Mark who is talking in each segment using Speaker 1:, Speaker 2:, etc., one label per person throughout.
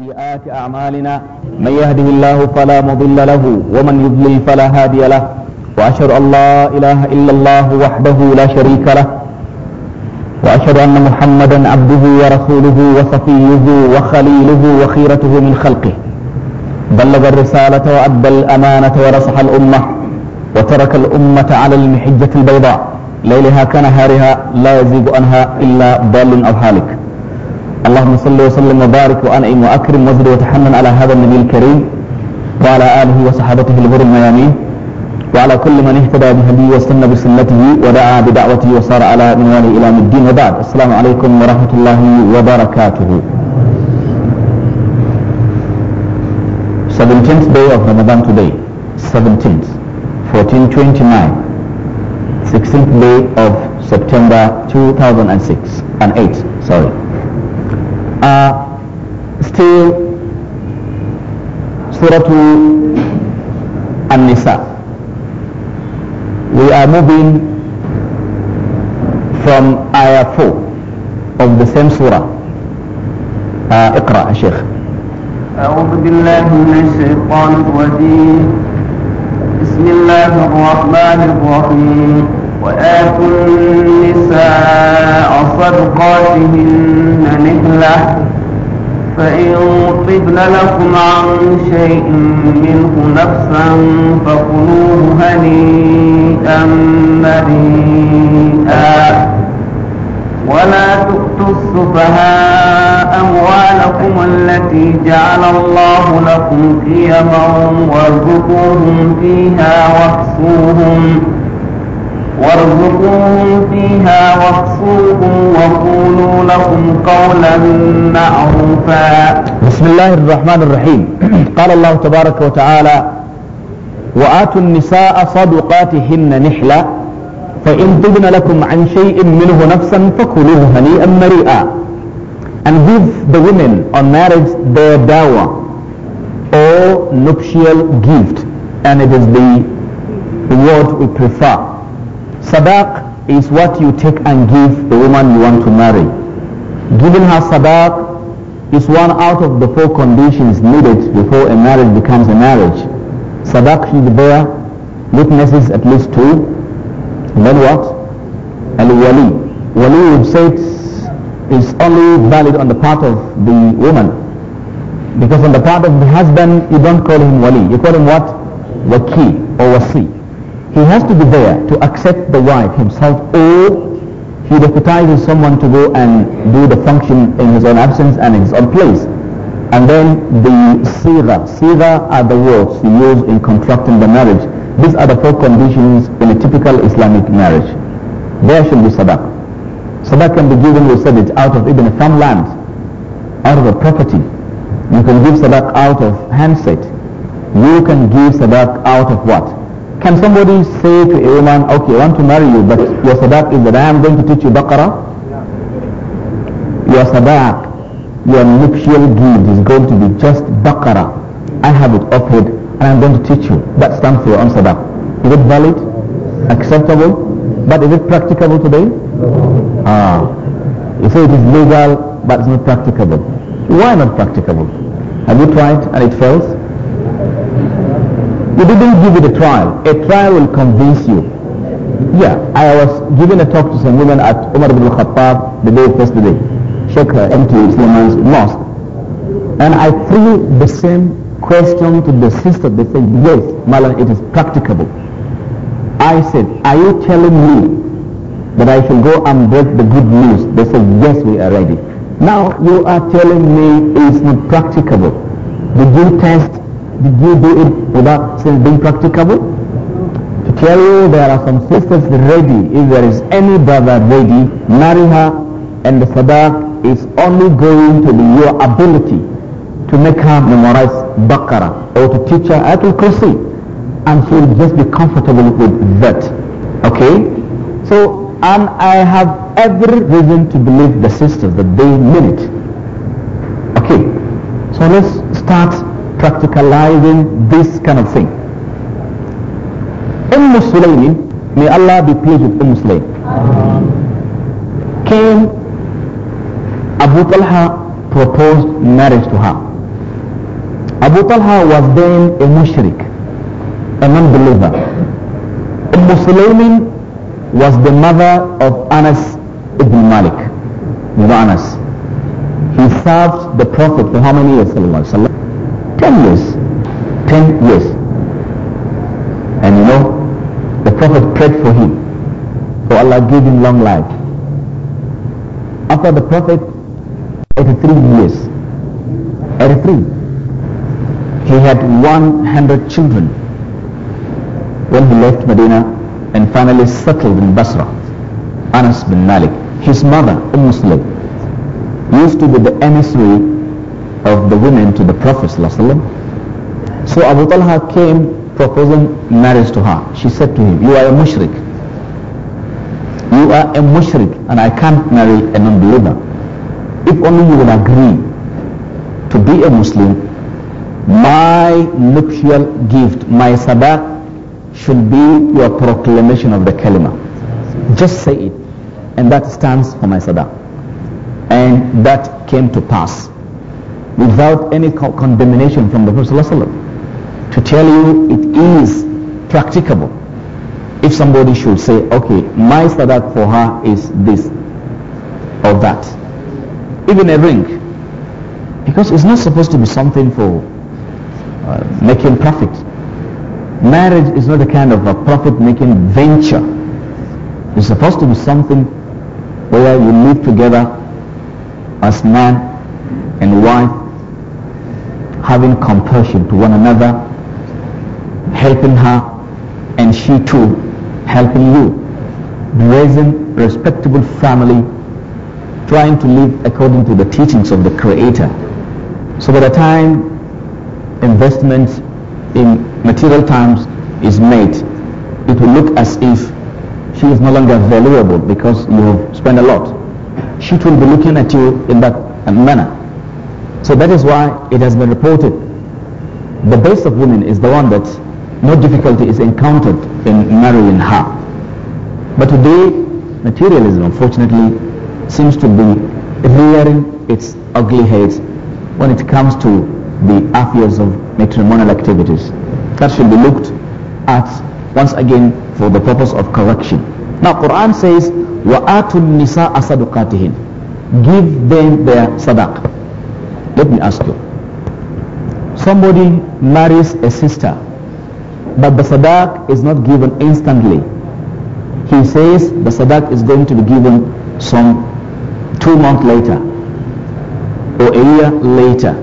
Speaker 1: سيئات أعمالنا من يهده الله فلا مضل له ومن يضلل فلا هادي له وأشهد أن لا إله إلا الله وحده لا شريك له وأشهد أن محمدا عبده ورسوله وصفيه وخليله وخيرته من خلقه بلغ الرسالة وأدى الأمانة ونصح الأمة وترك الأمة على المحجة البيضاء ليلها كنهارها لا يزيد عنها إلا ضال أو هالك اللهم صل وسلم وبارك وانعم واكرم وزد وتحنن على هذا النبي الكريم وعلى اله وصحابته الغر الميامين وعلى كل من اهتدى بهدي واستنى بسنته ودعا بدعوته وصار على منواله الى من الدين وبعد السلام عليكم ورحمه الله وبركاته Seventeenth day of Ramadan today seventeenth, fourteen twenty-nine, sixteenth day of September two thousand and six and eight. sorry a still suratu an-nisa we are moving from ayah 4 of the same surah uh, اقرأ يا شيخ
Speaker 2: أعوذ بالله من الشيطان الرجيم بسم الله الرحمن الرحيم وآتوا النساء صدقاتهن نهلة فإن طبن لكم عن شيء منه نفسا فكلوه هنيئا مريئا ولا تؤتوا السفهاء أموالكم التي جعل الله لكم قيما وارزقوهم فيها واكسوهم وارزقوهم فيها
Speaker 1: واكسوهم وقولوا لهم قولا معروفا بسم الله الرحمن الرحيم قال الله تبارك وتعالى وآتوا النساء صدقاتهن نحلة فإن تبن لكم عن شيء منه نفسا فكلوه هنيئا مريئا and give the women on marriage their dawah or nuptial gift and it is the word we prefer Sadaq is what you take and give the woman you want to marry. Giving her sadaq is one out of the four conditions needed before a marriage becomes a marriage. Sadaq should bear witnesses at least two. And then what? Al-wali. Wali we've is only valid on the part of the woman. Because on the part of the husband, you don't call him wali. You call him what? Waki or wasi. He has to be there to accept the wife himself or he deputizes someone to go and do the function in his own absence and in his own place. And then the sira. Sira are the words used in contracting the marriage. These are the four conditions in a typical Islamic marriage. There should be sadaq. Sadaq can be given, we said it, out of even land, out of a property. You can give sadaq out of handset. You can give sadaq out of what? Can somebody say to a woman, okay, I want to marry you, but your sadaq is that I am going to teach you Baqarah? Your sadaq, your nuptial gift is going to be just Baqarah. I have it offered and I'm going to teach you. That stands for your own sadaq. Is it valid? Acceptable? But is it practicable today? Ah. You say it is legal, but it's not practicable. Why not practicable? Have you tried and it fails? He didn't give it a trial. A trial will convince you. Yeah, I was giving a talk to some women at Umar ibn Khattab the day first day, Sheikh uh, the Islam's mosque. And I threw the same question to the sister. They said, yes, Malan, it is practicable. I said, are you telling me that I shall go and break the good news? They said, yes, we are ready. Now you are telling me it's not practicable. Did you test did you do it without being practicable? To tell you there are some sisters ready. If there is any brother ready, marry her and the sadaq is only going to be your ability to make her memorize Baqarah or to teach her Atul Kursi and she will just be comfortable with that. Okay? So, and I have every reason to believe the sisters that they mean it. Okay, so let's start practicalizing this kind of thing. Umm Sulaym, may Allah be pleased with Umm Sulaym, came, Abu Talha proposed marriage to her. Abu Talha was then a mushrik, a non-believer. Umm Sulaym was the mother of Anas ibn Malik. You know Anas. He served the Prophet for how many years? 10 years. 10 years. And you know, the Prophet prayed for him. So Allah gave him long life. After the Prophet, 83 years. 83. He had 100 children when he left Medina and finally settled in Basra. Anas bin Malik, his mother, a umm Muslim, used to be the emissary of the women to the Prophet ﷺ. So Abu Talha came proposing marriage to her. She said to him, you are a mushrik. You are a mushrik and I can't marry a non-believer. If only you will agree to be a Muslim, my nuptial gift, my sabak should be your proclamation of the kalima. Just say it. And that stands for my sadaq. And that came to pass without any condemnation from the Prophet ﷺ. To tell you it is practicable. If somebody should say, okay, my standard for her is this or that. Even a ring. Because it's not supposed to be something for uh, making profit. Marriage is not a kind of a profit-making venture. It's supposed to be something where you live together as man and wife having compassion to one another, helping her and she too helping you, raising respectable family, trying to live according to the teachings of the Creator. So by the time investment in material terms is made, it will look as if she is no longer valuable because you have spent a lot. She will be looking at you in that manner. So that is why it has been reported. The best of women is the one that no difficulty is encountered in marrying her. But today, materialism, unfortunately, seems to be rearing its ugly heads when it comes to the affairs of matrimonial activities. That should be looked at once again for the purpose of correction. Now, Quran says, وَآتُوا النِّسَاءَ صَدُقَاتِهِنْ Give them their sadaq. Let me ask you. Somebody marries a sister, but the sadaq is not given instantly. He says the sadaq is going to be given some two months later or a year later.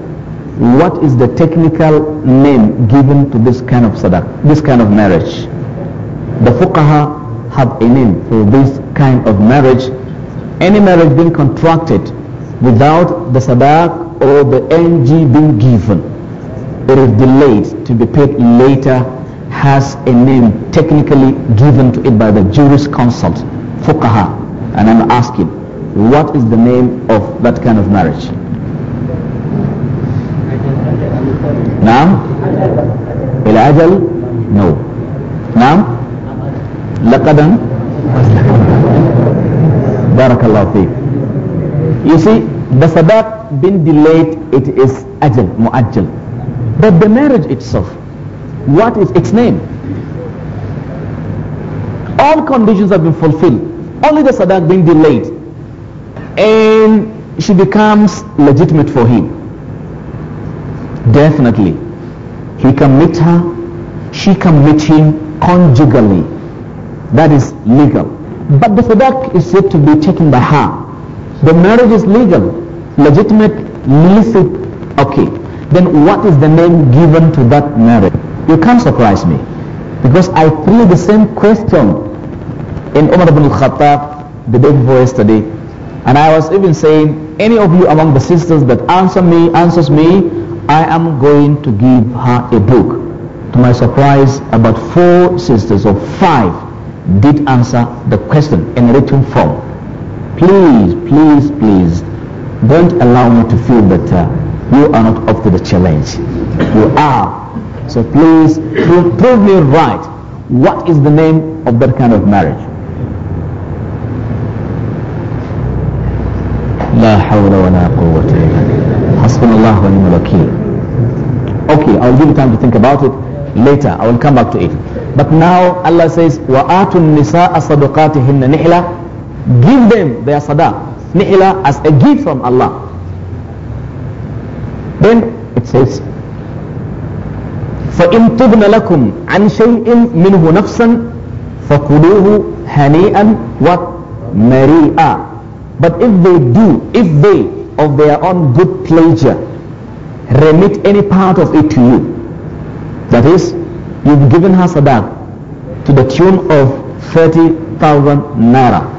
Speaker 1: What is the technical name given to this kind of sadaq, this kind of marriage? The fuqaha have a name for this kind of marriage. Any marriage being contracted without the sadaq or the NG being given, it is delayed to be paid later has a name technically given to it by the jurisconsult, fokaha. And I'm asking, what is the name of that kind of marriage? Now? El ajal? No. Now? Laqadan? Barakallahu You see, the sabab being delayed, it is ajal, mu'ajjal. But the marriage itself, what is its name? All conditions have been fulfilled. Only the sadaq being delayed. And she becomes legitimate for him. Definitely. He can meet her. She can meet him conjugally. That is legal. But the sadaq is said to be taken by her the marriage is legal, legitimate, licit, okay. Then what is the name given to that marriage? You can't surprise me. Because I threw the same question in Umar ibn al-Khattab the day before yesterday. And I was even saying, any of you among the sisters that answer me, answers me, I am going to give her a book. To my surprise, about four sisters or five did answer the question in written form please, please, please, don't allow me to feel that you are not up to the challenge. You are. So please, prove, prove me right. What is the name of that kind of marriage? لا حول ولا قوة إلا بالله حسبنا Okay, I'll give you time to think about it later. I will come back to it. But now Allah says, وَآتُوا النِّسَاءَ صَدُقَاتِهِنَّ نِحْلَةً Give them their sadaqah, nihila, as a gift from Allah. Then it says, فإن تبن لكم عن شيء منه نفسا فكلوه هنيئا ومريئا But if they do, if they of their own good pleasure remit any part of it to you, that is, you've given her sadaq to the tune of 30,000 naira.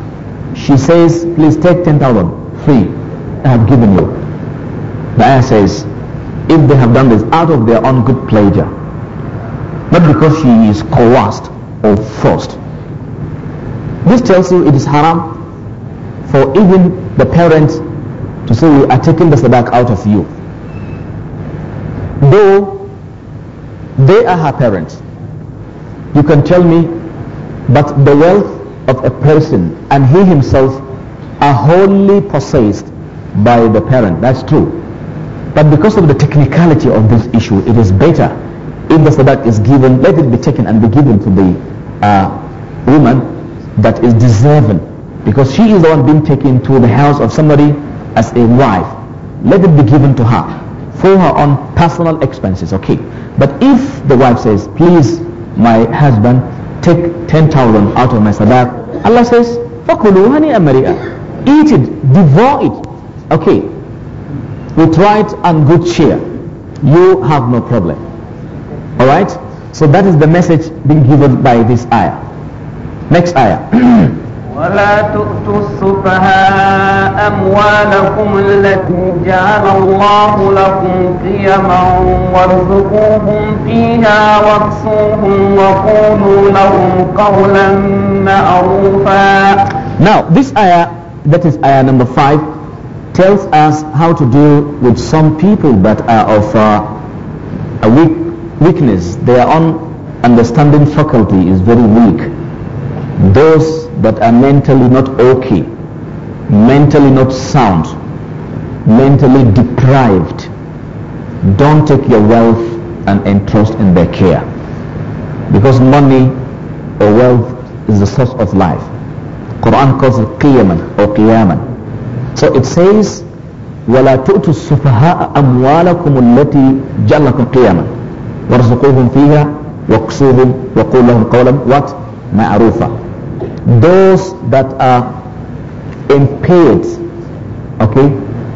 Speaker 1: She says, please take 10,000 free. I have given you. The ayah says, if they have done this out of their own good pleasure, not because she is coerced or forced. This tells you it is haram for even the parents to say we are taking the sadaq out of you. Though they are her parents, you can tell me, but the wealth of a person and he himself are wholly possessed by the parent. That's true. But because of the technicality of this issue, it is better if the sadaq is given, let it be taken and be given to the uh, woman that is deserving. Because she is the one being taken to the house of somebody as a wife. Let it be given to her for her own personal expenses, okay? But if the wife says, please, my husband, take 10,000 out of my sadaq Allah says, فَكُلُوا هَنِيئًا Eat it, devour it. Okay, with right and good cheer, you have no problem. Alright? So that is the message being given by this ayah. Next ayah. ولا تؤتوا
Speaker 2: السفهاء أموالكم التي جعل الله لكم قيما وارزقوهم فيها واكسوهم وقولوا لهم قولا معروفا Now this ayah,
Speaker 1: that is ayah number five, tells us how to deal with some people that are of uh, a weak weakness. Their own understanding faculty is very weak. Those but are mentally not okay, mentally not sound, mentally deprived, don't take your wealth and entrust in their care. Because money or wealth is the source of life. Quran calls it qiyaman or qiyaman. So it says, ولا تؤتوا السفهاء أموالكم التي جعلكم قياما وارزقوهم فيها واكسوهم وقول قولا what معروفا those that are impaired, okay,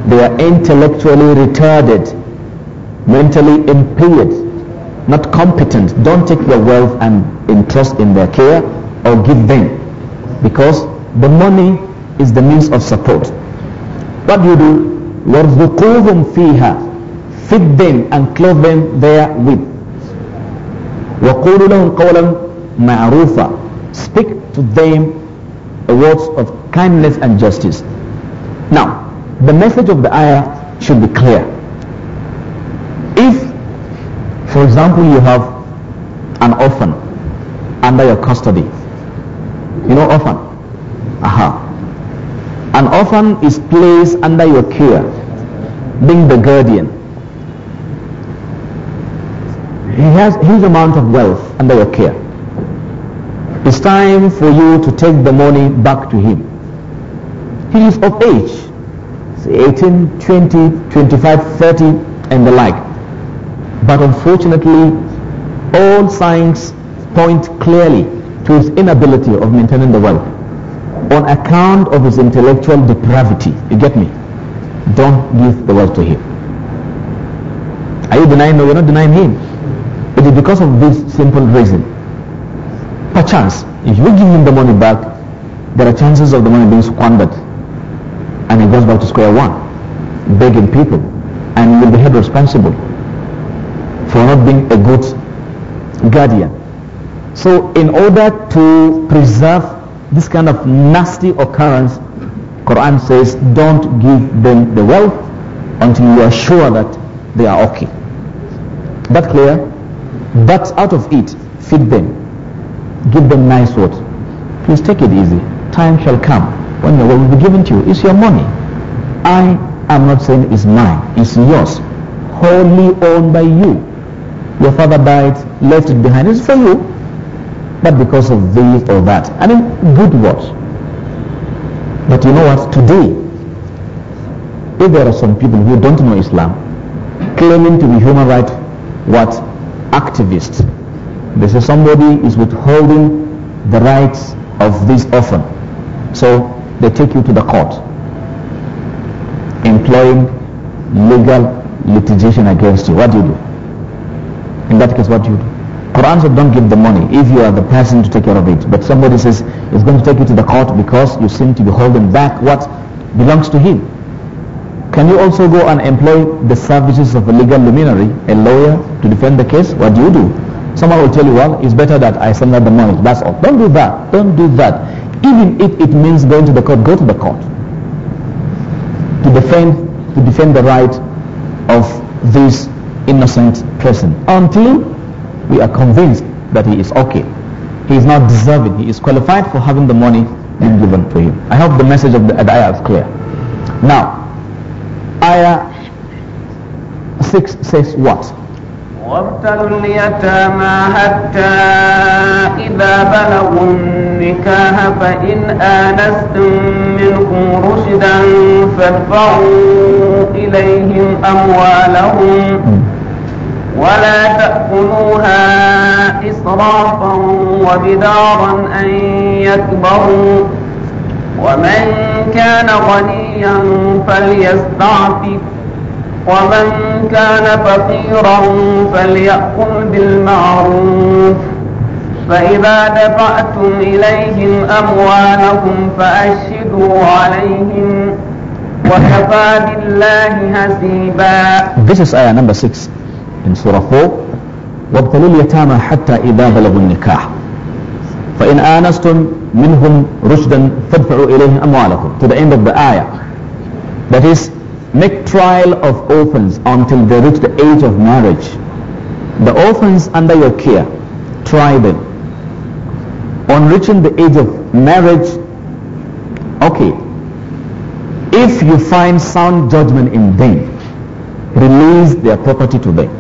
Speaker 1: they are intellectually retarded, mentally impaired, not competent. Don't take their wealth and entrust in their care or give them because the money is the means of support. What do you do? وَارْزُقُوهُمْ فِيهَا Feed them and clothe them therewith. with. لَهُمْ قَوْلًا مَعْرُوفًا Speak to them words of kindness and justice. Now, the message of the ayah should be clear. If, for example, you have an orphan under your custody, you know orphan? Aha. An orphan is placed under your care, being the guardian. He has huge amount of wealth under your care. It's time for you to take the money back to him. He is of age, say 18, 20, 25, 30, and the like. But unfortunately, all signs point clearly to his inability of maintaining the wealth on account of his intellectual depravity. You get me? Don't give the wealth to him. Are you denying? No, you're not denying him. It is because of this simple reason perchance, if you give him the money back, there are chances of the money being squandered. And he goes back to square one, begging people, and will be held responsible for not being a good guardian. So in order to preserve this kind of nasty occurrence, Quran says, don't give them the wealth until you are sure that they are okay. That clear? But out of it, feed them give them nice words. Please take it easy. Time shall come when your will be given to you. It's your money. I am not saying it's mine. It's yours. Wholly owned by you. Your father died, left it behind. It's for you. But because of this or that. I mean, good words. But you know what? Today, if there are some people who don't know Islam, claiming to be human rights, what? Activists they say somebody is withholding the rights of this orphan. So they take you to the court, employing legal litigation against you. What do you do? In that case, what do you do? Quran said don't give the money if you are the person to take care of it. But somebody says it's going to take you to the court because you seem to be holding back what belongs to him. Can you also go and employ the services of a legal luminary, a lawyer, to defend the case? What do you do? Someone will tell you, well, it's better that I send out the money. That's all. Don't do that. Don't do that. Even if it means going to the court, go to the court to defend to defend the right of this innocent person until we are convinced that he is okay. He is not deserving. He is qualified for having the money being given to him. I hope the message of the, the ayah is clear. Now, ayah 6 says what? وابتلوا اليتامى حتى إذا بلغوا النكاح فإن
Speaker 2: آنستم منهم رشدا فادفعوا إليهم أموالهم ولا تأكلوها إسرافا وبدارا أن يكبروا ومن كان غنيا فليستعفف ومن كان فقيرا فليأكل بالمعروف فإذا دفعتم إليهم أموالهم فأشهدوا عليهم وكفى بالله حسيبا
Speaker 1: This is ayah number 6 in surah 4 وابتلوا اليتامى حتى إذا بلغوا النكاح فإن آنستم منهم رشدا فادفعوا إليهم أموالكم to the end of the ayah that is make trial of orphans until they reach the age of marriage. The orphans under your care, try them. On reaching the age of marriage, okay, if you find sound judgment in them, release their property to them.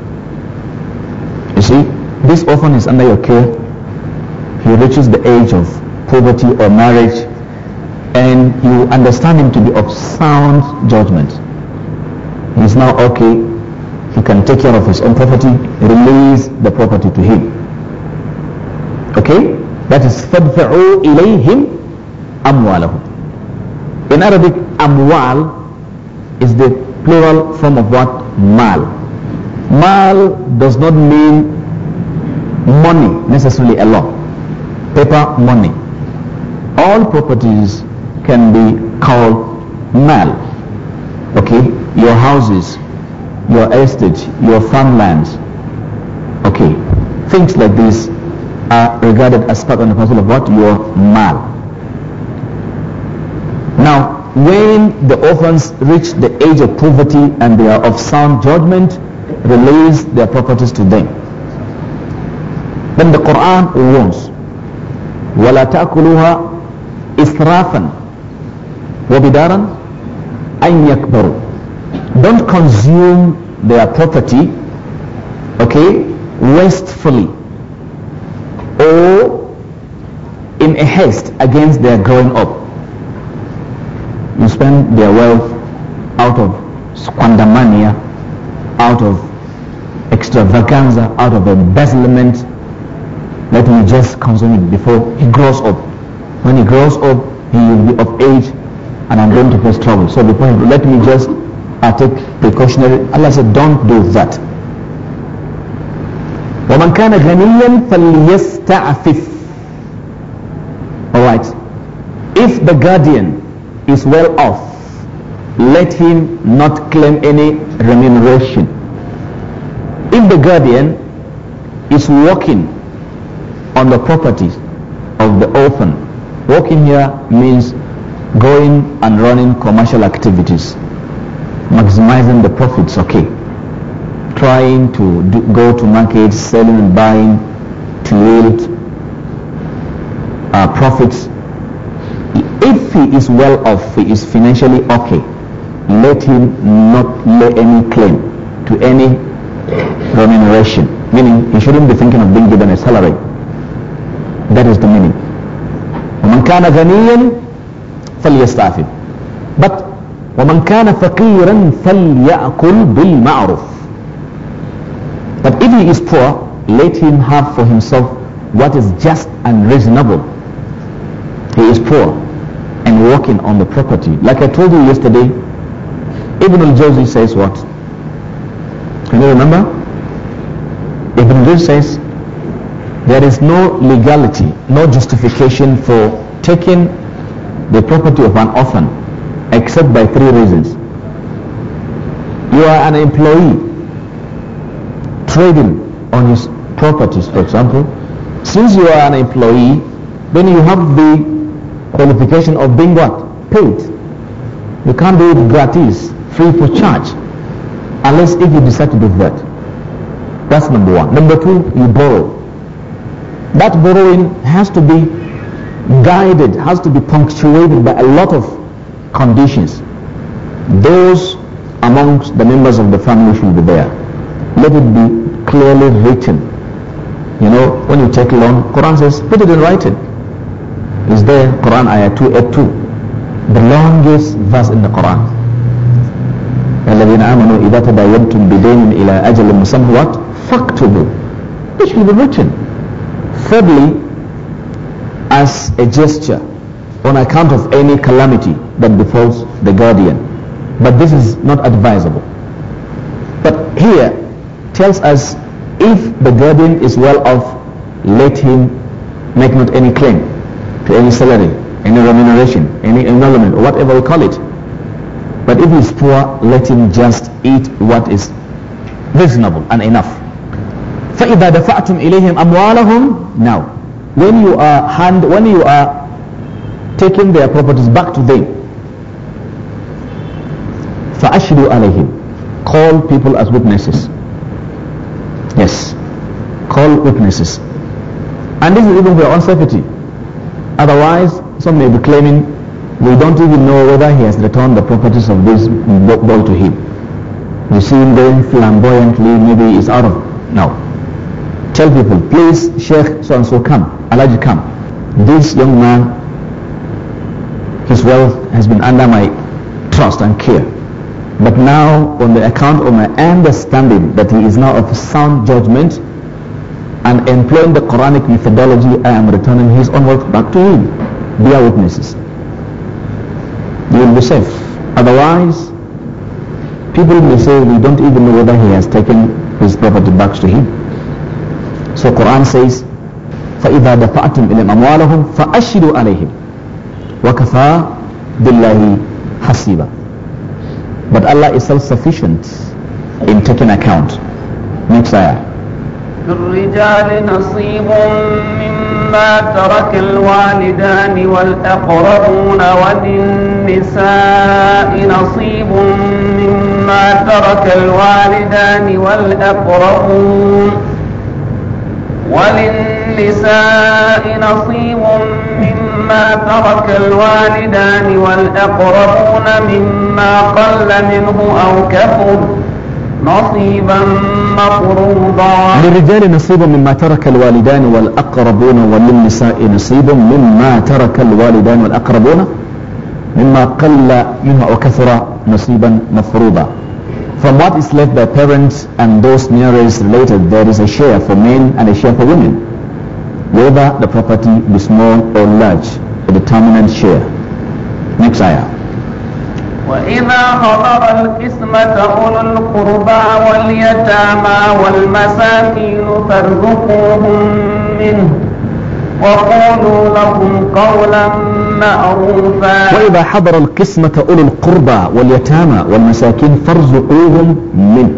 Speaker 1: You see, this orphan is under your care. He reaches the age of poverty or marriage and you understand him to be of sound judgment is now okay, he can take care of his own property, release the property to him. Okay? That is فَادْفَعُوا إلَيْهِ أَمْوَالَهُ. In Arabic, amwal is the plural form of what? Mal. Mal does not mean money necessarily alone. Paper money. All properties can be called mal. Okay? your houses, your estate, your farmlands Okay, things like this are regarded as part and parcel of what? Your mal. Now, when the orphans reach the age of poverty and they are of sound judgment, release their properties to them. Then the Quran warns, وَلَا تَأْكُلُوهَا إِسْرَافًا وَبِدَارًا أَنْ يَكْبَرُوا don't consume their property, okay, wastefully or in a haste against their growing up. You spend their wealth out of squandermania, out of extravaganza, out of embezzlement. Let me just consume it before he grows up. When he grows up, he will be of age and I'm going to face trouble. So before, let me just take precautionary. Allah said, don't do that. ومن كان غنيا فليستعفف Alright. If the guardian is well off, let him not claim any remuneration. If the guardian is working on the properties of the orphan, working here means going and running commercial activities maximizing the profits, okay. Trying to do, go to market, selling and buying to yield uh, profits. If he is well off, he is financially okay, let him not lay any claim to any remuneration. Meaning he shouldn't be thinking of being given a salary. That is the meaning. But ومن كان فقيرا فليأكل بالمعروف But if he is poor, let him have for himself what is just and reasonable. He is poor and working on the property. Like I told you yesterday, Ibn al-Jawzi says what? Can you remember? Ibn al-Jawzi says, there is no legality, no justification for taking the property of an orphan except by three reasons. You are an employee trading on his properties, for example. Since you are an employee, then you have the qualification of being what? Paid. You can't do it gratis, free for charge, unless if you decide to do that. That's number one. Number two, you borrow. That borrowing has to be guided, has to be punctuated by a lot of conditions, those amongst the members of the family should be there. Let it be clearly written. You know, when you take loan, Quran says, put it in writing. It's there, Quran ayah 282. The longest verse in the Quran. الذين آمنوا إذا تداينتم بدين إلى أجل مسمى what? فاكتبوا. It should be written. Thirdly, as a gesture, on account of any calamity that befalls the guardian. But this is not advisable. But here tells us if the guardian is well off, let him make not any claim to any salary, any remuneration, any emolument, or whatever we call it. But if he's poor, let him just eat what is reasonable and enough. فإذا دفعتم إليهم أموالهم now when you are hand when you are taking their properties back to them. فَأَشْهِدُوا عَلَيْهِمْ Call people as witnesses. Yes. Call witnesses. And this is even for your own safety. Otherwise, some may be claiming, we don't even know whether he has returned the properties of this boy to him. We see him going flamboyantly, maybe he's out of now. Tell people, please, Sheikh so-and-so come, Alaji come. This young man his wealth has been under my trust and care. But now, on the account of my understanding that he is now of sound judgment and employing the Quranic methodology, I am returning his own wealth back to him. Bear witnesses. You will be safe. Otherwise, people may say we don't even know whether he has taken his property back to him. So Quran says, فَإِذَا دَفَعْتُمْ إِلَيْهِمْ أَمْوَالَهُمْ فَأَشْهِدُوا عَلَيْهِمْ وَكَفَى بِاللَّهِ حسيبا But Allah is self-sufficient in taking account. Next ayah.
Speaker 2: للرجال نصيب مما ترك الوالدان والأقربون وللنساء نصيب مما ترك الوالدان والأقربون وللنساء نصيب مما مما ترك الوالدان والأقربون مما قل منه أو كثر نصيبا مفروضا
Speaker 1: للرجال نصيبا مما ترك الوالدان والأقربون وللنساء نصيبا مما ترك الوالدان والأقربون مما قل منه أو كثر نصيبا مفروضا From what is left by parents and those nearest related, there is a share for men and a share for women. whether the property be small or large, a determinant share. Next ayah.
Speaker 2: وإذا حضر القسمة أولو القربى واليتامى والمساكين فارزقوهم منه وقولوا لهم قولا معروفا
Speaker 1: وإذا حضر القسمة أولو القربى واليتامى والمساكين فارزقوهم منه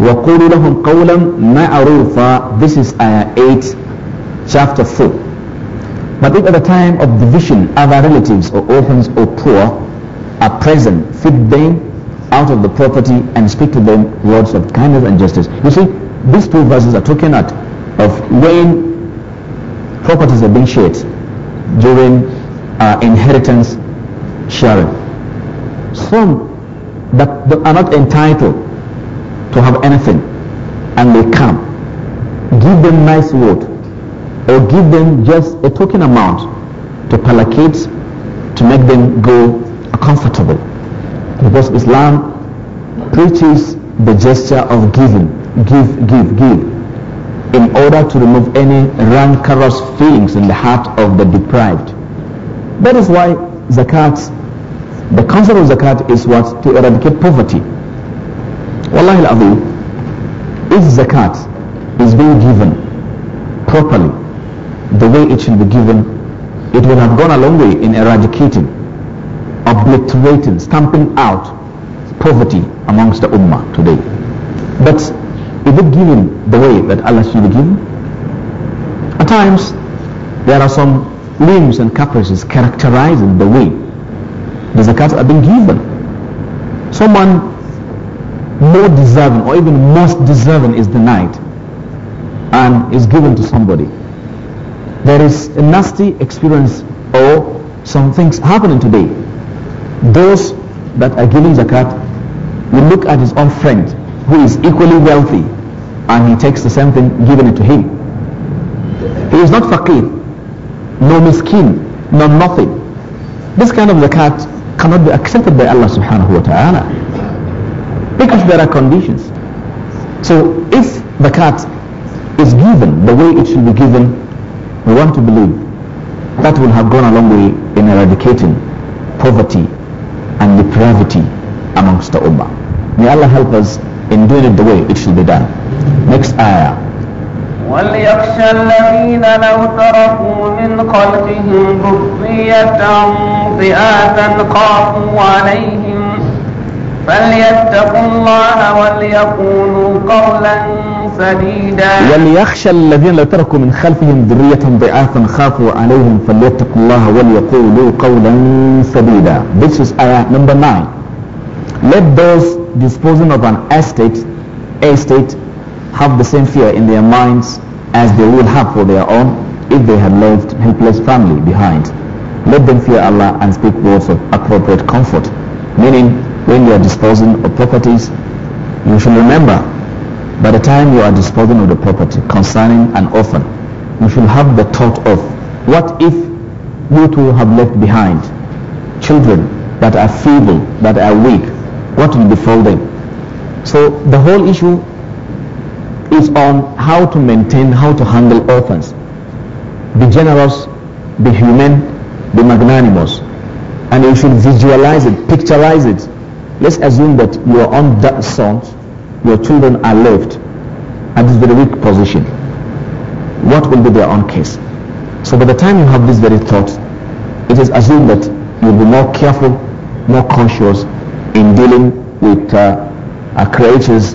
Speaker 1: وقولوا لهم قولا معروفا This is ayah 8 chapter 4. But if at the time of division other relatives or orphans or poor are present, feed them out of the property and speak to them words of kindness and justice. You see, these two verses are talking at of when properties are being shared during uh, inheritance sharing. Some that, are not entitled to have anything and they come, give them nice words or give them just a token amount to placate, to make them go comfortable. Because Islam preaches the gesture of giving, give, give, give, in order to remove any rancorous feelings in the heart of the deprived. That is why zakat, the concept of zakat is what? To eradicate poverty. Wallahi al if zakat is being given properly, the way it should be given, it would have gone a long way in eradicating, obliterating, stamping out poverty amongst the ummah today. But is it given the way that Allah should be given? At times, there are some limbs and caprices characterizing the way the zakats are being given. Someone more deserving or even most deserving is denied and is given to somebody there is a nasty experience or some things happening today. Those that are giving zakat will look at his own friend who is equally wealthy and he takes the same thing given it to him. He is not faqir, no miskin, no nothing. This kind of zakat cannot be accepted by Allah subhanahu wa ta'ala because there are conditions. So if zakat is given the way it should be given, we want to believe that will have gone a long way in eradicating poverty and depravity amongst the Ummah. May Allah help us in doing it the way it should be done. Next ayah.
Speaker 2: وليخشى الذين لو تركوا من خلفهم ذرية خافوا عليهم فليتقوا الله وليقولوا قولا سديدا
Speaker 1: وليخشى الذين لو تركوا من خلفهم ذرية ضعافا خافوا عليهم فليتقوا الله وليقولوا قولا سديدا This is ayah number 9 Let those disposing of an estate estate have the same fear in their minds as they will have for their own if they had left helpless family behind. Let them fear Allah and speak words of appropriate comfort. Meaning, when you are disposing of properties, you should remember by the time you are disposing of the property concerning an orphan, you should have the thought of what if you two have left behind children that are feeble, that are weak, what will befall them? So the whole issue is on how to maintain, how to handle orphans. Be generous, be humane, be magnanimous. And you should visualize it, picturize it. Let's assume that you are on that son your children are left at this very weak position. What will be their own case? So by the time you have these very thoughts, it is assumed that you'll be more careful, more conscious in dealing with uh, uh, creatures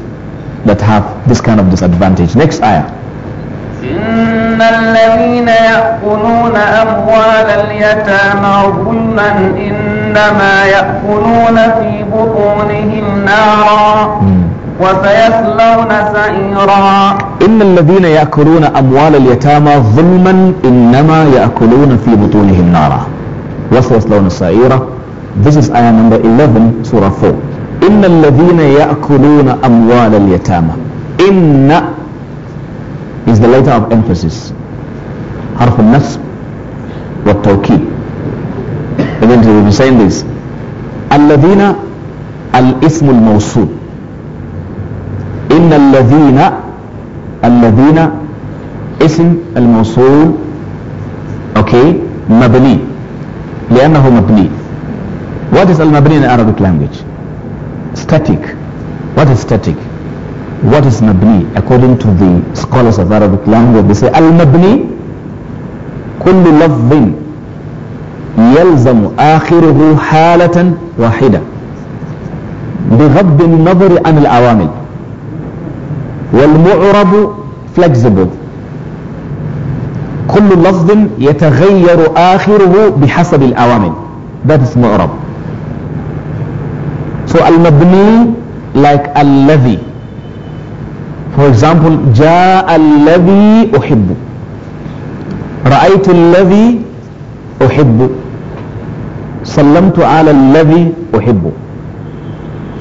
Speaker 1: that have this kind of disadvantage. Next ayah. إن
Speaker 2: الذين يأكلون أموال اليتامى ظلما إنما يأكلون في بطونهم نارا hmm. وسيصلون سعيرا
Speaker 1: إن الذين يأكلون أموال اليتامى ظلما إنما يأكلون في بطونهم نارا وسيصلون سعيرا This is ayah number 11 surah 4 إن الذين يأكلون أموال اليتامى إن is the letter of emphasis حرف النصب والتوكيد We're going to be saying this الذين الاسم الموصول إن الذين الذين اسم الموصول أوكي مبني لأنه مبني What is المبني in Arabic language? Static. What is static? What is مبني? According to the scholars of Arabic language, they say المبني كل لفظ يلزم آخره حالة واحدة بغض النظر عن العوامل والمعرب فلكسبل كل لفظ يتغير آخره بحسب الأوامر ذات اسم معرب so المبني like الذي for example جاء الذي أحب رأيت الذي أحب سلمت على الذي أحب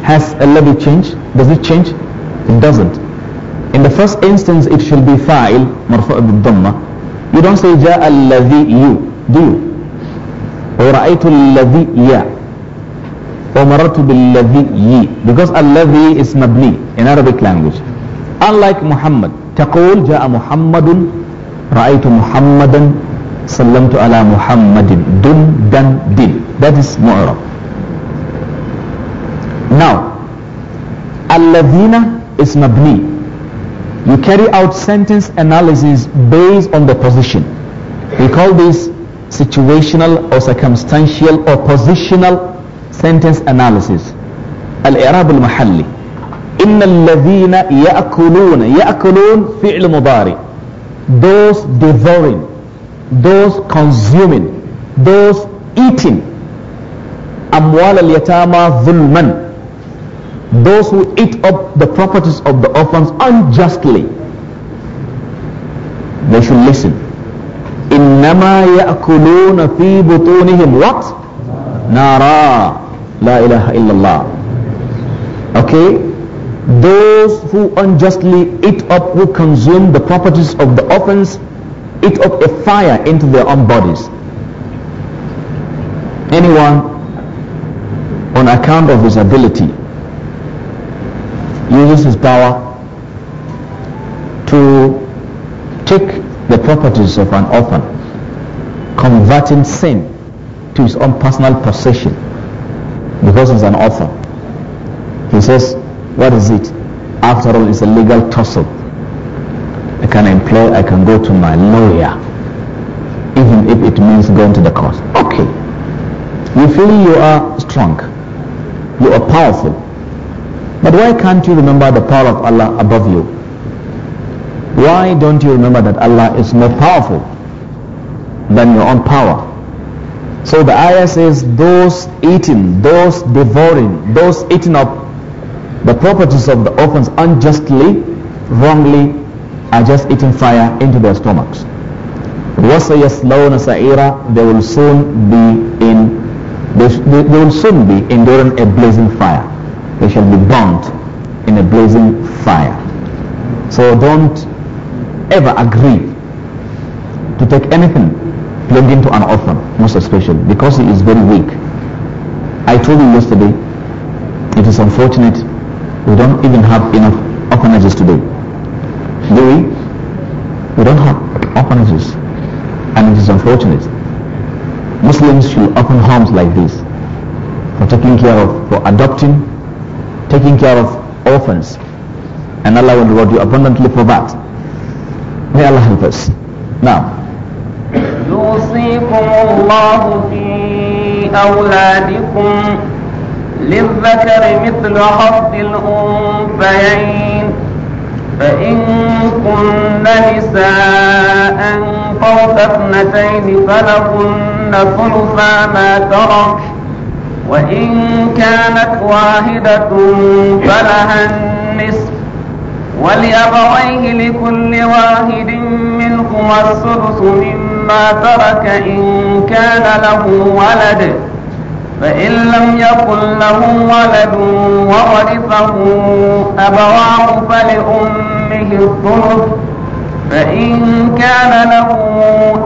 Speaker 1: has الذي changed does it change it doesn't In the first instance, it should be fa'il, مرفوع بالضمة. You don't say جاء الذي you, do you? Or رأيت الذي يا. Or مررت بالذي يي. Because الذي is مبني in Arabic language. Unlike Muhammad. تقول جاء محمد رأيت محمدا سلمت على محمد دن دن دن. That is معرب. Now, الذين is مبني you carry out sentence analysis based on the position. We call this situational or circumstantial or positional sentence analysis. الإعراب المحلي إن الذين ya'kulun ya'kulun فعل مضارع those devouring those consuming those eating Amwal al yatama ظلما those who eat up the properties of the orphans unjustly, they should listen. إنما يأكلون في بطونهم what? نارا لا إله إلا الله Okay? Those who unjustly eat up, who consume the properties of the orphans, eat up a fire into their own bodies. Anyone on account of his ability uses his power to take the properties of an orphan, converting sin to his own personal possession because he's an orphan. He says, what is it? After all, it's a legal tussle. I can employ, I can go to my lawyer, even if it means going to the court. Okay. You feel you are strong, you are powerful, but why can't you remember the power of Allah above you? Why don't you remember that Allah is more powerful than your own power? So the ayah says, those eating, those devouring, those eating up the properties of the orphans unjustly, wrongly, are just eating fire into their stomachs. وَسَيَسْلَوْنَ سَعِيرًا They will soon be in, they, they will soon be enduring a blazing fire they shall be burnt in a blazing fire. So don't ever agree to take anything belonging to an orphan, most especially, because he is very weak. I told you yesterday, it is unfortunate we don't even have enough orphanages today. Do we? We don't have orphanages. And it is unfortunate. Muslims should open homes like this for taking care of, for adopting taking care of orphans. And Allah will reward you abundantly for that. May Allah help us. Now.
Speaker 2: للذكر مثل حظ الأنثيين فإن كن نساء فوق اثنتين فلهن ثلثا ما ترك وإن كانت واحدة فلها النصف ولأبويه لكل واحد منهما السدس مما ترك إن كان له ولد فإن لم يكن له ولد وورثه أبواه فلأمه الثلث فإن كان له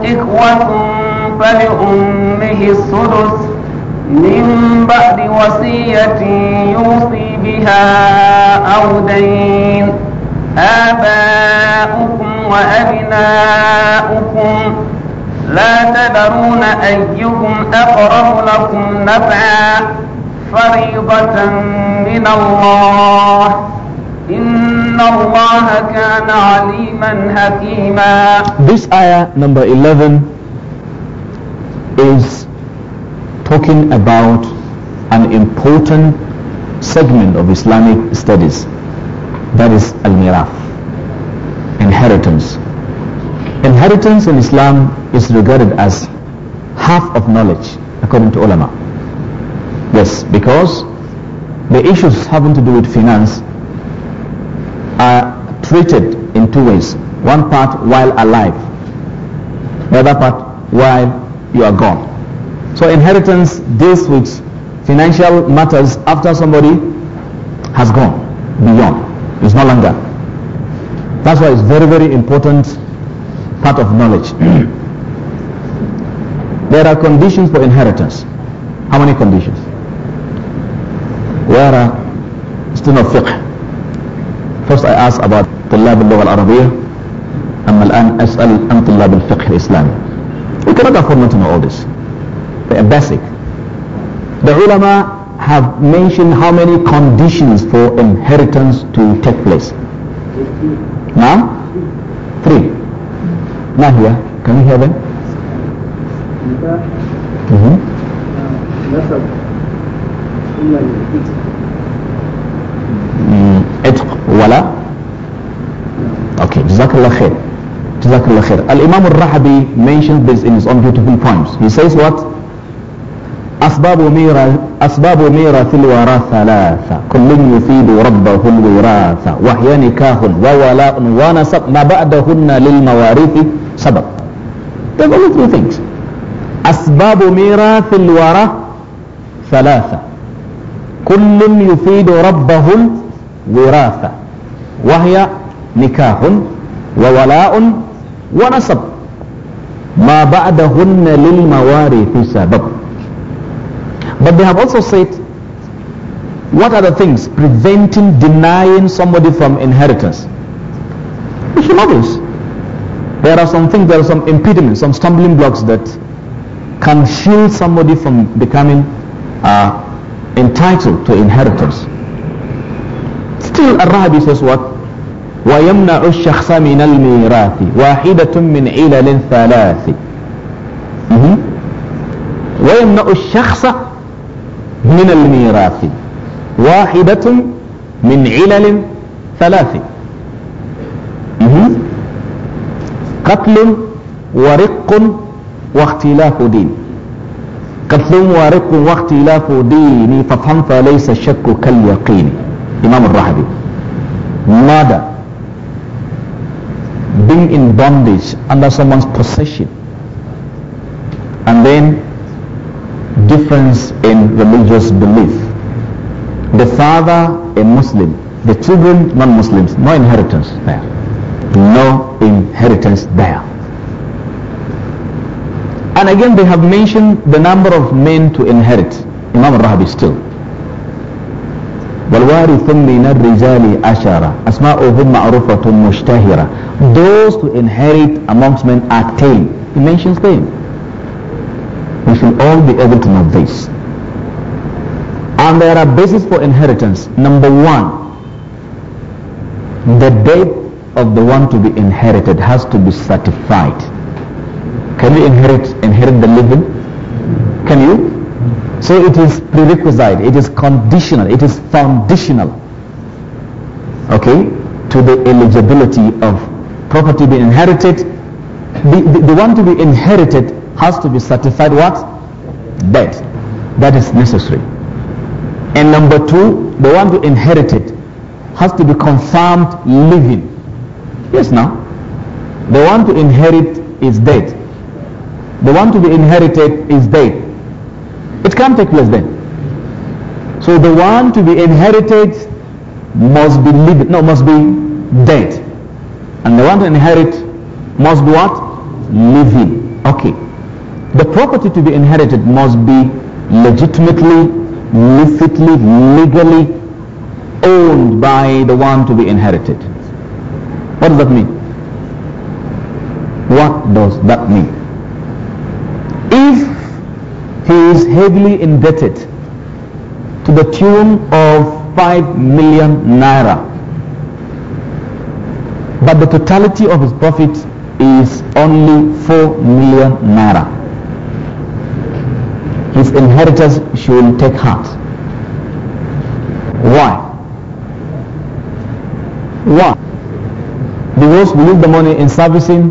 Speaker 2: إخوة فلأمه السدس من بعد وصية يوصي بها أو دين آباؤكم وأبناؤكم لا تدرون أيكم أقرب لكم نفعا فريضة من الله إن الله كان عليما حكيما
Speaker 1: This ayah number 11 is talking about an important segment of Islamic studies. That is al-miraf, inheritance. Inheritance in Islam is regarded as half of knowledge, according to ulama. Yes, because the issues having to do with finance are treated in two ways. One part while alive, the other part while you are gone. So inheritance deals with financial matters after somebody has gone beyond. It's no longer. That's why it's very, very important part of knowledge. there are conditions for inheritance. How many conditions? Where are still no fiqh? First I asked about level of Arabia. أما الآن أسأل عن طلاب الفقه الإسلامي. We cannot afford not to know all this. They are basic. The ulama have mentioned how many conditions for inheritance to take place. Now, three. Now here, can you hear them? Mm-hmm. Mm, Itq wala? Okay, Jazakallah khair. Jazakallah khair. Al-Imam al-Rahabi mentioned this in his own beautiful poems. He says what? أسباب ميرا أسباب ميراث الوراث ثلاثة كل يفيد ربه الوراثة وهي نكاح وولاء ونسب ما بعدهن للمواريث سبب There's only three things أسباب ميراث الورى ثلاثة كل يفيد ربه الوراثة وهي نكاح وولاء ونسب ما بعدهن للموارث سبب But they have also said, what are the things preventing, denying somebody from inheritance? We should know this. There are some things, there are some impediments, some stumbling blocks that can shield somebody from becoming uh, entitled to inheritance. Still, a Rabbi says what? ويمنع الشخص من الميراث واحدة من علل ثلاث mm-hmm. ويمنع الشخص من الميراث واحدة من علل ثلاث قتل ورق واختلاف دين قتل ورق واختلاف دين فطن فليس الشك كاليقين إمام الرحبي ماذا being in bondage under someone's possession and then difference in religious belief. The father, a Muslim. The children, non-Muslims. No inheritance there. No inheritance there. And again, they have mentioned the number of men to inherit. Imam al-Rahabi still. والوارث من الرجال عشرة أسماؤهم معروفة مشتهرة Those to inherit amongst men are ten. He mentions them. We should all be able to know this. And there are bases for inheritance. Number one, the death of the one to be inherited has to be certified. Can you inherit inherit the living? Can you? So it is prerequisite, it is conditional, it is foundational. Okay, to the eligibility of property being inherited. The, the, the one to be inherited has to be certified what? Dead. That is necessary. And number two, the one to inherit it has to be confirmed living. Yes, now. The one to inherit is dead. The one to be inherited is dead. It can't take place then. So the one to be inherited must be living, no, must be dead. And the one to inherit must be what? Living. Okay the property to be inherited must be legitimately, licitly, legally owned by the one to be inherited. What does that mean? What does that mean? If he is heavily indebted to the tune of 5 million naira, but the totality of his profit is only 4 million naira his inheritors should take heart. Why? Why? Because we use the money in servicing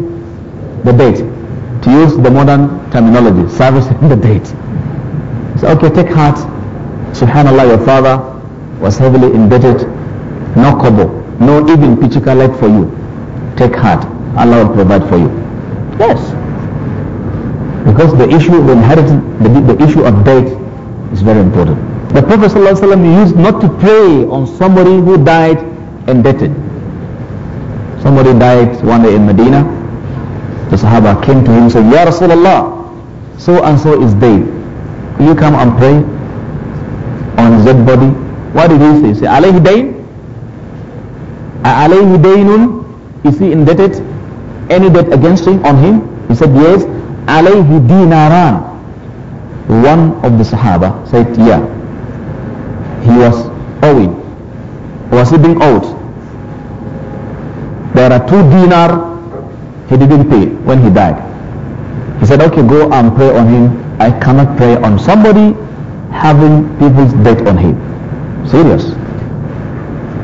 Speaker 1: the debt. To use the modern terminology, servicing the debt. So okay, take heart. Subhanallah, your father was heavily indebted. No kobo, no even pichika light for you. Take heart. Allah will provide for you. Yes. Because the issue of inheritance, the, the issue of is very important. The Prophet ﷺ used not to pray on somebody who died indebted. Somebody died one day in Medina. The Sahaba came to him and said, Ya Rasulullah, so and so is dead. Will you come and pray on his dead body? What did he say? He said, Alayhi dayn? Alayhi daynun? Is he indebted? Any debt against him on him? He said, yes alayhi dinaran. One of the Sahaba said, yeah, he was owing. Was he being owed? There are two dinar he didn't pay when he died. He said, okay, go and pray on him. I cannot pray on somebody having people's debt on him. Serious.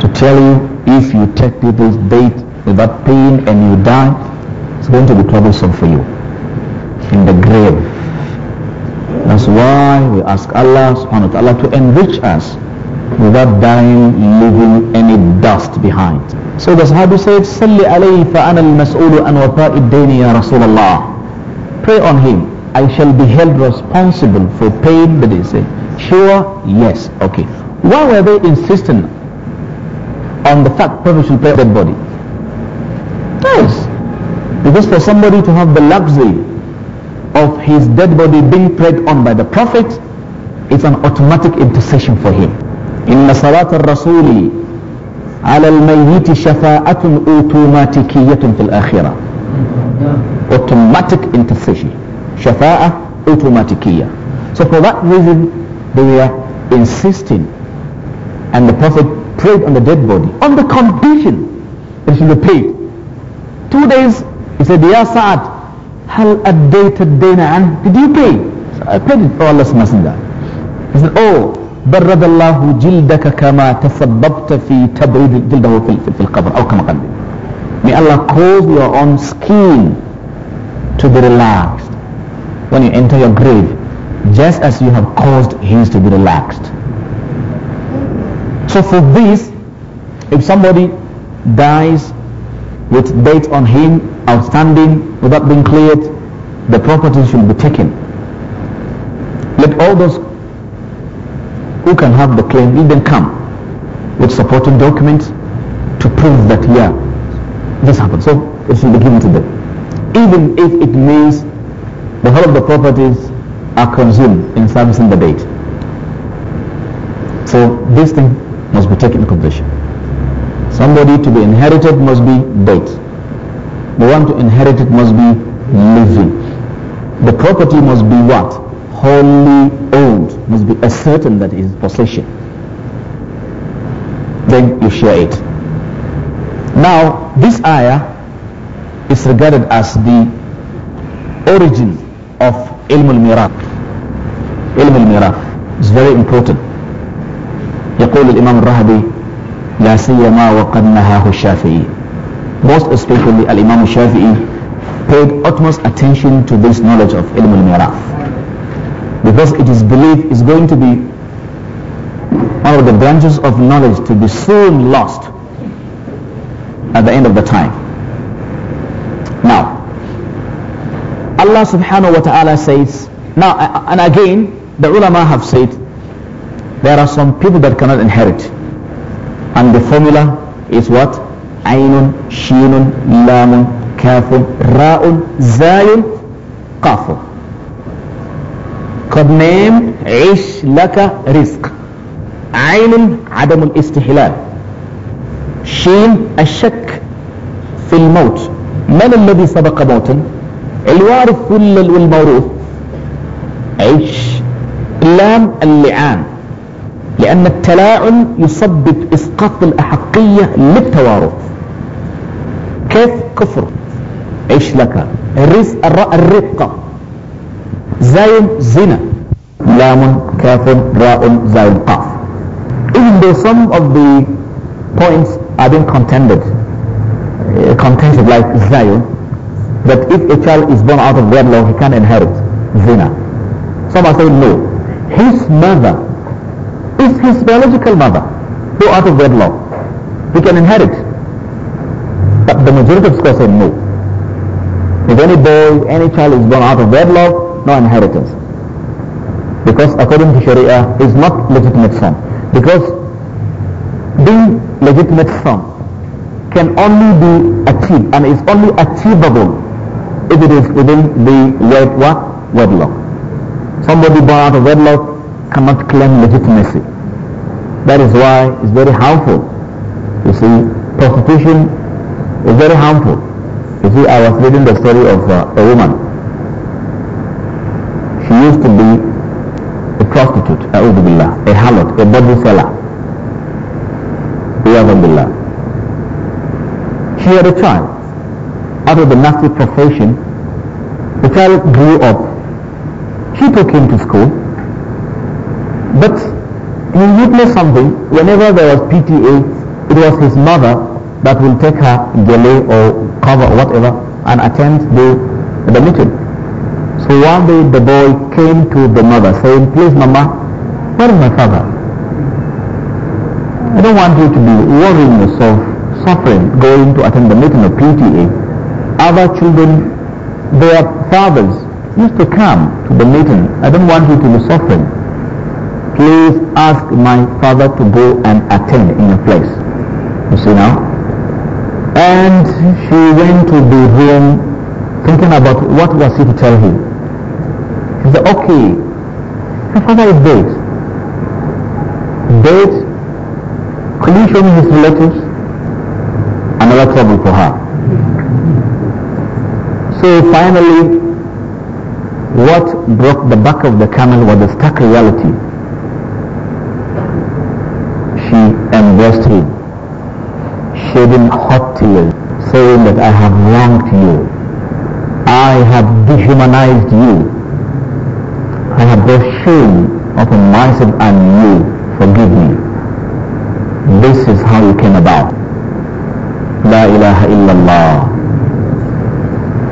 Speaker 1: To tell you, if you take people's debt without paying and you die, it's going to be troublesome for you in the grave. That's why we ask Allah subhanahu wa ta'ala to enrich us without dying, leaving any dust behind. So the Sahabi said, صَلِّ عَلَيْهِ فَأَنَا الْمَسْؤُولُ أَنْ وَفَاءِ الدَّيْنِ Pray on him. I shall be held responsible for paying the debt. Sure? Yes. Okay. Why were they insisting on the fact Prophet should pay dead body? Yes. Because for somebody to have the luxury of his dead body being prayed on by the Prophet, it's an automatic intercession for him. إن صلاة الرسول على الميت شفاعة أوتوماتيكية في الآخرة. Automatic intercession. شفاعة أوتوماتيكية. So for that reason, they were insisting and the Prophet prayed on the dead body on the condition that he be paid. Two days, he said, Ya Sa'ad, هل أديت الدين عنه did you pay I paid it for Allah's messenger he said oh برد الله جلدك كما تسببت في تبريد جلده في, في, في القبر أو كما قال may Allah cause your own skin to be relaxed when you enter your grave just as you have caused his to be relaxed so for this if somebody dies with debts on him outstanding without being cleared, the property should be taken. Let all those who can have the claim, even come with supporting documents to prove that, yeah, this happened. So it should be given to them. Even if it means the whole of the properties are consumed in servicing the date. So this thing must be taken into consideration. Somebody to be inherited must be dead. The one to inherit it must be living. The property must be what? Wholly owned. Must be ascertained that it is possession. Then you share it. Now, this ayah is regarded as the origin of ilm al-miraq. Ilm al-miraq is very important. يقول الإمام الرهبي لا سيما وقد نهاه الشافعي most especially al-Imam Shafi'i paid utmost attention to this knowledge of ilm al-miraf because it is believed is going to be one of the branches of knowledge to be soon lost at the end of the time now Allah subhanahu wa ta'ala says now and again the ulama have said there are some people that cannot inherit And the formula is what? عين شين لام كاف راء زاي قاف قد نام عيش لك رزق عين عدم الاستحلال شين الشك في الموت من الذي سبق موتا الوارث الموروث عيش لام اللعان لأن التلاعن يسبب إسقاط الأحقية للتوارث كيف كفر عيش لك الرقة زين زنا لام كاف راء زين قاف Even though some of the points are being contended, uh, like Zion, that if a child is born out of wedlock, he can inherit zina. Some are saying no. His mother is his biological mother, who out of wedlock. he can inherit. But the majority of scholars say no. If any boy, any child is born out of wedlock, no inheritance. Because according to Sharia, is not legitimate son. Because being legitimate son can only be achieved and is only achievable if it is within the wed what? wedlock. Somebody born out of wedlock cannot claim legitimacy. That is why it's very harmful. You see, prostitution is very harmful. You see, I was reading the story of uh, a woman. She used to be a prostitute, billah, a harlot, a body seller. Billah. She had a child. Out of the nasty profession, the child grew up. She took him to school but he witnessed something. Whenever there was PTA, it was his mother that will take her gele or cover or whatever and attend the, the meeting. So one day the boy came to the mother saying, please mama, where is my father? I don't want you to be worrying yourself, suffering, going to attend the meeting of PTA. Other children, their fathers used to come to the meeting. I don't want you to be suffering please ask my father to go and attend in a place. You see now? And she went to the room thinking about what was he to tell him. She said, okay, my father is dead. Dead, collision with his relatives, another trouble for her. So finally, what broke the back of the camel was the stark reality against him, shedding hot tears, saying that I have wronged you. I have dehumanized you. I have brought shame upon myself and you. Forgive me. This is how you came about. La ilaha illallah.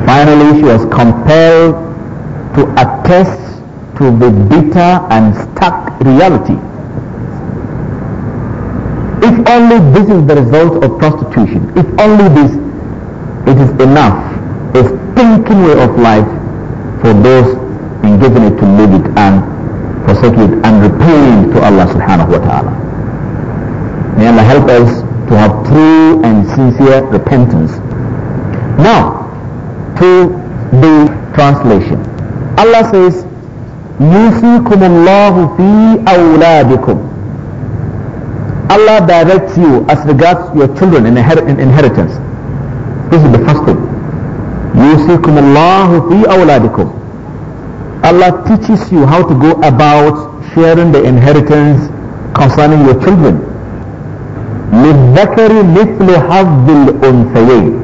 Speaker 1: Finally, she was compelled to attest to the bitter and stark reality if only this is the result of prostitution, if only this, it is enough, a stinking way of life for those engaging it to live it and forsake it and repay it to Allah subhanahu wa ta'ala. May Allah help us to have true and sincere repentance. Now, to the translation. Allah says, يوصيكم الله في أولادكم Allah directs you as regards your children in, inher inheritance. This is the first thing. يوصيكم الله في أولادكم. Allah teaches you how to go about sharing the inheritance concerning your children. للذكر مثل حظ الأنثيين.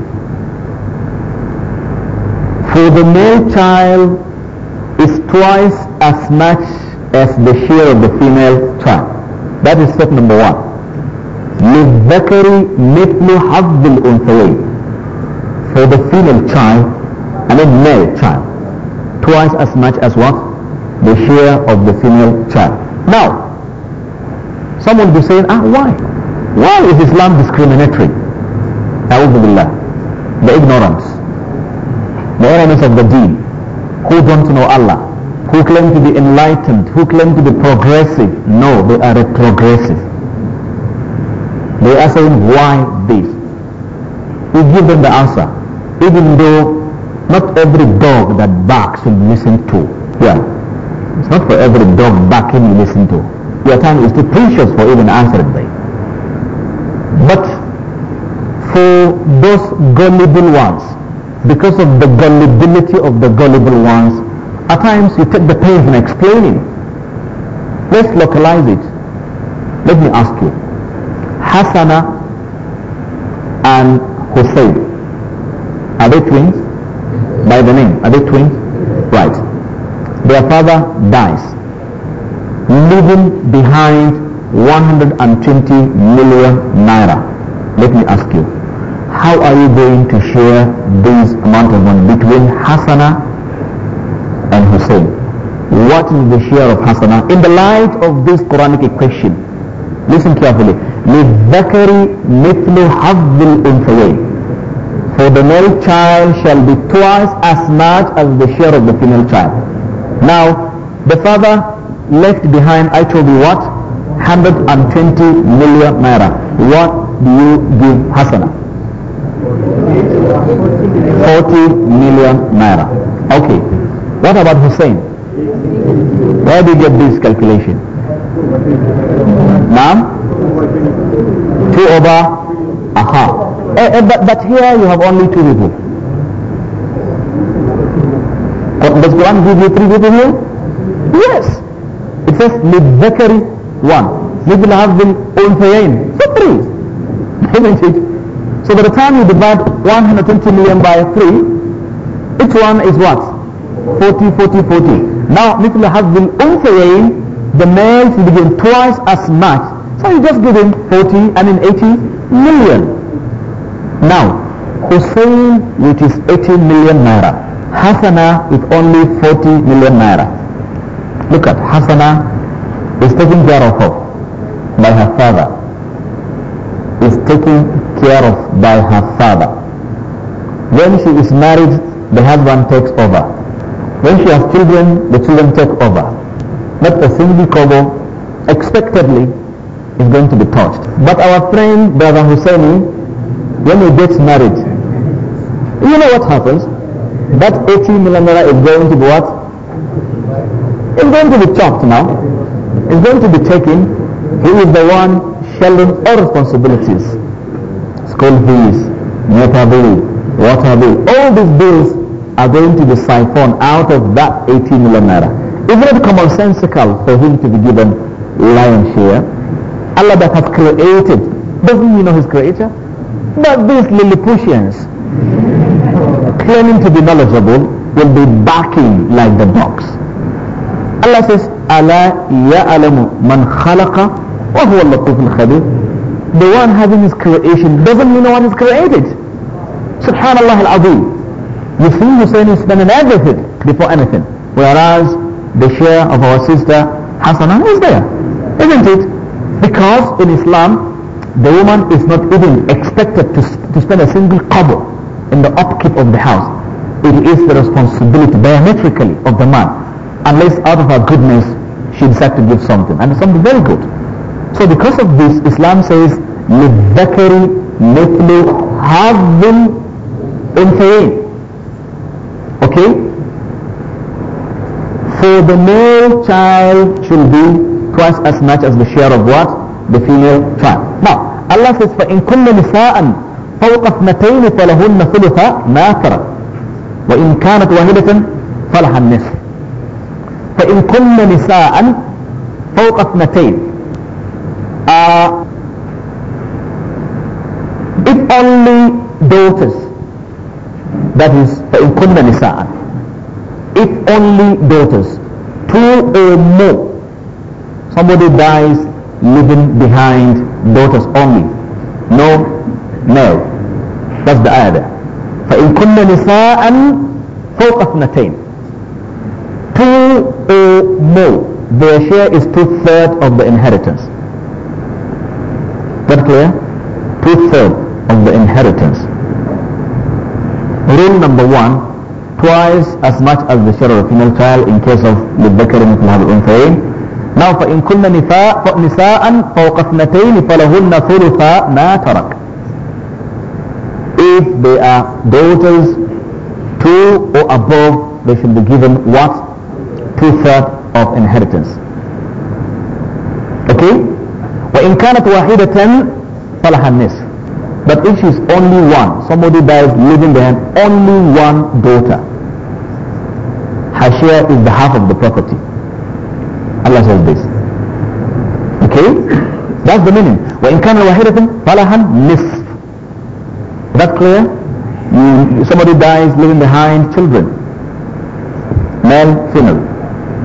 Speaker 1: For the male child is twice as much as the share of the female child. That is step number one. للذكر مثل حظ الأنثيين for the female child and a male child twice as much as what the share of the female child now someone will be saying ah why why is Islam discriminatory Alhamdulillah, the ignorance the ignorance of the deen who don't know Allah who claim to be enlightened who claim to be progressive no they are retrogressive they are saying, why this? You give them the answer, even though not every dog that barks you listen to. Yeah. It's not for every dog barking you listen to. Your time is too precious for even answering them. But for those gullible ones, because of the gullibility of the gullible ones, at times you take the pains in explaining. Let's localize it. Let me ask you. Hassana and Hussein. Are they twins? By the name. Are they twins? Right. Their father dies, leaving behind 120 million naira. Let me ask you, how are you going to share this amount of money between Hassana and Hussein? What is the share of Hassana? In the light of this Quranic question, listen carefully. للذكر مثل حظ الأنثيين For the male child shall be twice as much as the share of the female child. Now, the father left behind, I told you what? 120 million naira. What do you give Hasana? 40 million naira. Okay. What about Hussein? Where do you get this calculation? Now? Two over aha. Uh, uh, but, but here you have only two people. Does one give you three people here? Yes. It says للذكر one. مثل هذا الأنثيين. So three. Isn't it? So by the time you divide 120 million by three, each one is what? 40, 40, 40. Now مثل هذا الأنثيين the male will be given twice as much. So you just give him 40, I mean 80 million. Now, Hussein, with his 80 million naira. Hassana is only 40 million naira. Look at Hassana is taken care of her by her father. Is taken care of by her father. When she is married, the husband takes over. When she has children, the children take over not a single kobo expectedly is going to be touched. But our friend Brother Husseini, when he gets married, you know what happens? That 80 million naira is going to be what? It's going to be chopped now. It's going to be taken. He is the one sharing all responsibilities. School fees, water bill, water bill, all these bills are going to be siphoned out of that 80 million naira. Isn't it commonsensical for him to be given lion share? Allah that has created, doesn't he know his creator? But these Lilliputians, claiming to be knowledgeable, will be barking like the dogs. Allah says, أَلَا يَعْلَمُ مَنْ خَلَقَ وَهُوَ اللَّطُوفُ الْخَبِيرُ The one having his creation doesn't he know what is created? Subhanallah al-Azim. You see Hussein is done everything before anything. Whereas the share of our sister Hasana is there, isn't it? Because in Islam, the woman is not even expected to, to spend a single kobo in the upkeep of the house. It is the responsibility diametrically of the man, unless out of her goodness she decides to give something, and something very good. So because of this, Islam says, لِلذَّكَرِ مِثْلُ حَظٍ أُنْثَيَيْنِ Okay? For the male child should be twice as much as the share of what? The female child. Now, Allah says, فَإِن كُنَّ نِسَاءً فَوْقَ اثْنَتَيْنِ فَلَهُنَّ ثُلُثَ مَا تَرَكْ وَإِن كَانَتْ وَاحِدَةً فَلَهَا النِّصْفُ فإن كن نساء فوق اثنتين uh, if only daughters that is فإن كن نساء if only daughters, two or more. Somebody dies leaving behind daughters only. No male. That's the ayah فإن كن نساء فوق اثنتين two or more their share is two-thirds of the inheritance that clear? two-thirds of the inheritance rule number one twice as much as the share of a female child in case of the للذكر مثل هذا الأنثيين now فإن كن نساء نساء فوق اثنتين فلهن ثلث ما ترك if they are daughters two or above they should be given what two thirds of inheritance okay وإن كانت واحدة فلها النصف But if she's only one, somebody dies leaving behind only one daughter, her share is the half of the property. Allah says this. Okay? That's the meaning. وَإِنْ كَانَ وَاحِدَةً فَلَهَا نِصْفُ That clear? You, somebody dies leaving behind children. Male, female.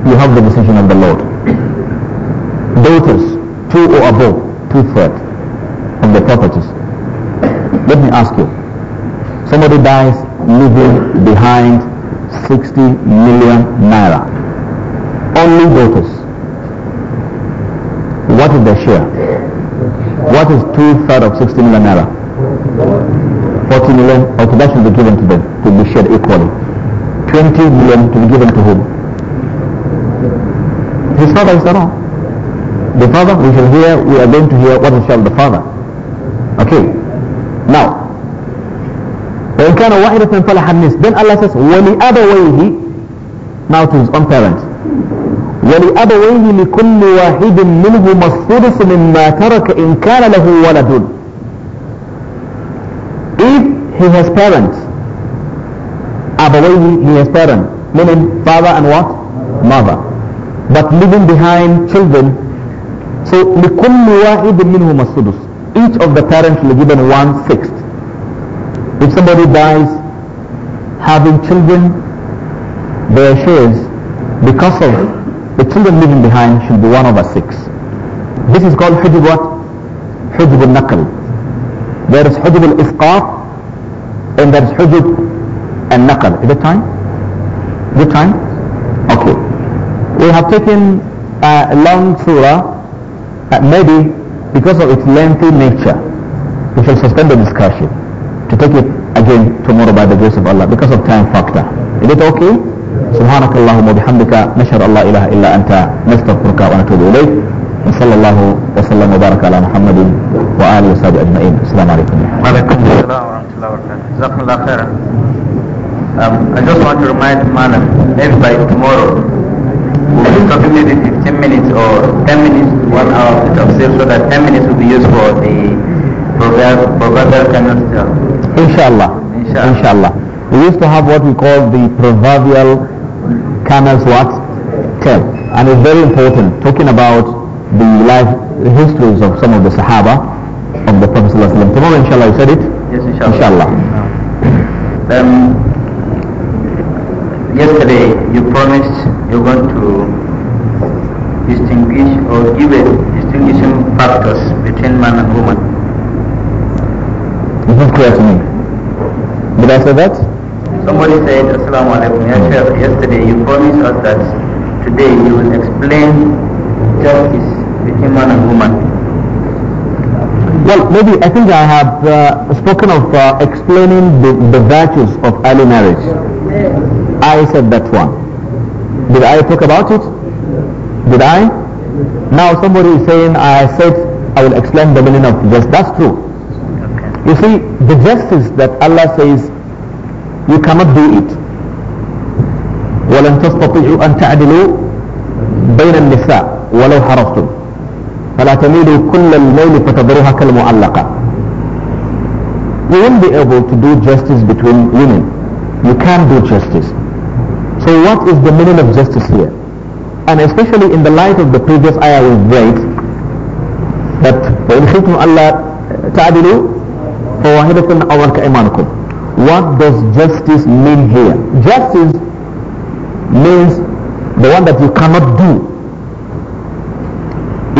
Speaker 1: You have the decision of the Lord. Daughters, two or above, two-thirds of the properties. Let me ask you. Somebody dies leaving behind 60 million naira. Only daughters. What is their share? What is two-thirds of 60 million naira? 40 million, okay, that should be given to them, to be shared equally. 20 million to be given to whom? His father is the law. The father, we shall hear, we are going to hear what is called the father. Okay. Now, وإن كان واحدة فلح النس then Allah says ولأبويه now to his own parents ولأبويه لكل واحد منهما الثلث مما ترك إن كان له ولد if he has parents أبويه he has parents meaning father and what? mother but leaving behind children so لكل واحد منهما الثلث each of the parents will be given one sixth If somebody dies having children, their shares because of the children leaving behind should be 1 over 6. This is called hujub what? al-naql. There is hujub al-isqaf and there is hujub al nakal. Is it time? Is it time? Okay. We have taken a long surah, uh, maybe because of its lengthy nature. We shall suspend the discussion to take it again tomorrow by the grace of Allah because of time factor. Is it okay? سبحانك اللهم وبحمدك نشهد الله إله إلا أنت نستغفرك ونتوب إليك وصلى الله وسلم وبارك على محمد وآله وصحبه أجمعين السلام عليكم وعليكم السلام
Speaker 3: ورحمة الله وبركاته جزاكم الله خيرا I just want to remind Madam, maybe by tomorrow we'll be talking maybe 15 minutes or 10 minutes, one hour of sale so that 10 minutes will be used for the proverbial canister. Inshallah. Inshallah.
Speaker 1: Inshallah. We used to have what we call the proverbial camel's what? Tail. And it's very important, talking about the life the histories of some of the Sahaba of the Prophet ﷺ. Tomorrow, inshallah, you said it? Yes, inshallah. Inshallah.
Speaker 3: Um, yesterday, you promised you're going to distinguish or give a distinguishing factors between man and woman. This is clear to me. Did I say that? Somebody said, Assalamu alaikum, Ya Sheikh, yesterday you promised us that today you will explain justice between man and woman.
Speaker 1: Well, maybe I think I have uh, spoken of uh, explaining the, the, virtues of early marriage. I said that one. Did I talk about it? Did I? Now somebody is saying I said I will explain the meaning of this. That's true. You see, the justice that Allah says, you cannot do it. ولن تستطيعوا أن تعدلوا بين النساء ولو حرصتم فلا تميلوا كل الميل فتضروها كالمعلقة You won't be able to do justice between women. You can't do justice. So what is the meaning of justice here? And especially in the light of the previous ayah we read, that وإن خفتم ألا تعدلوا فواحدة أو كإيمانكم what does justice mean here justice means the one that you cannot do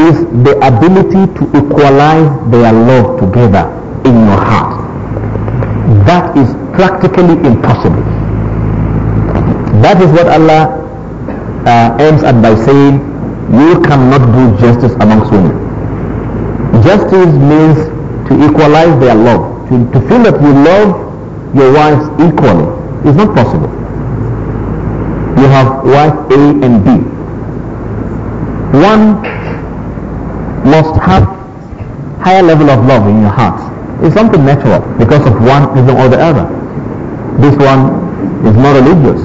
Speaker 1: is the ability to equalize their love together in your heart that is practically impossible that is what Allah uh, aims at by saying you cannot do justice amongst women justice means to equalize their love to, to feel that you love your wives equally is not possible. You have wife A and B. One must have higher level of love in your heart. It's something natural because of one reason or the other. This one is more religious.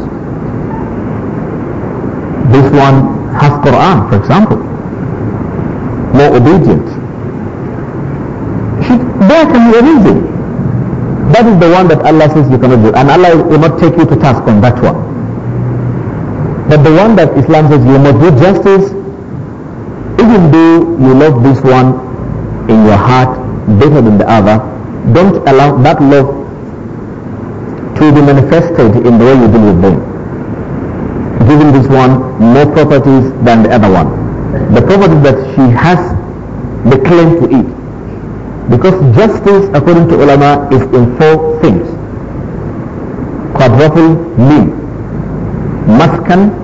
Speaker 1: This one has Quran, for example. More obedient there can be a reason. That is the one that Allah says you cannot do. And Allah will not take you to task on that one. But the one that Islam says you must do justice, even though you love this one in your heart better than the other, don't allow that love to be manifested in the way you deal with them. Giving this one more properties than the other one. The property that she has, the claim to it because justice, according to ulama, is in four things. Quadruple meal. Maskan,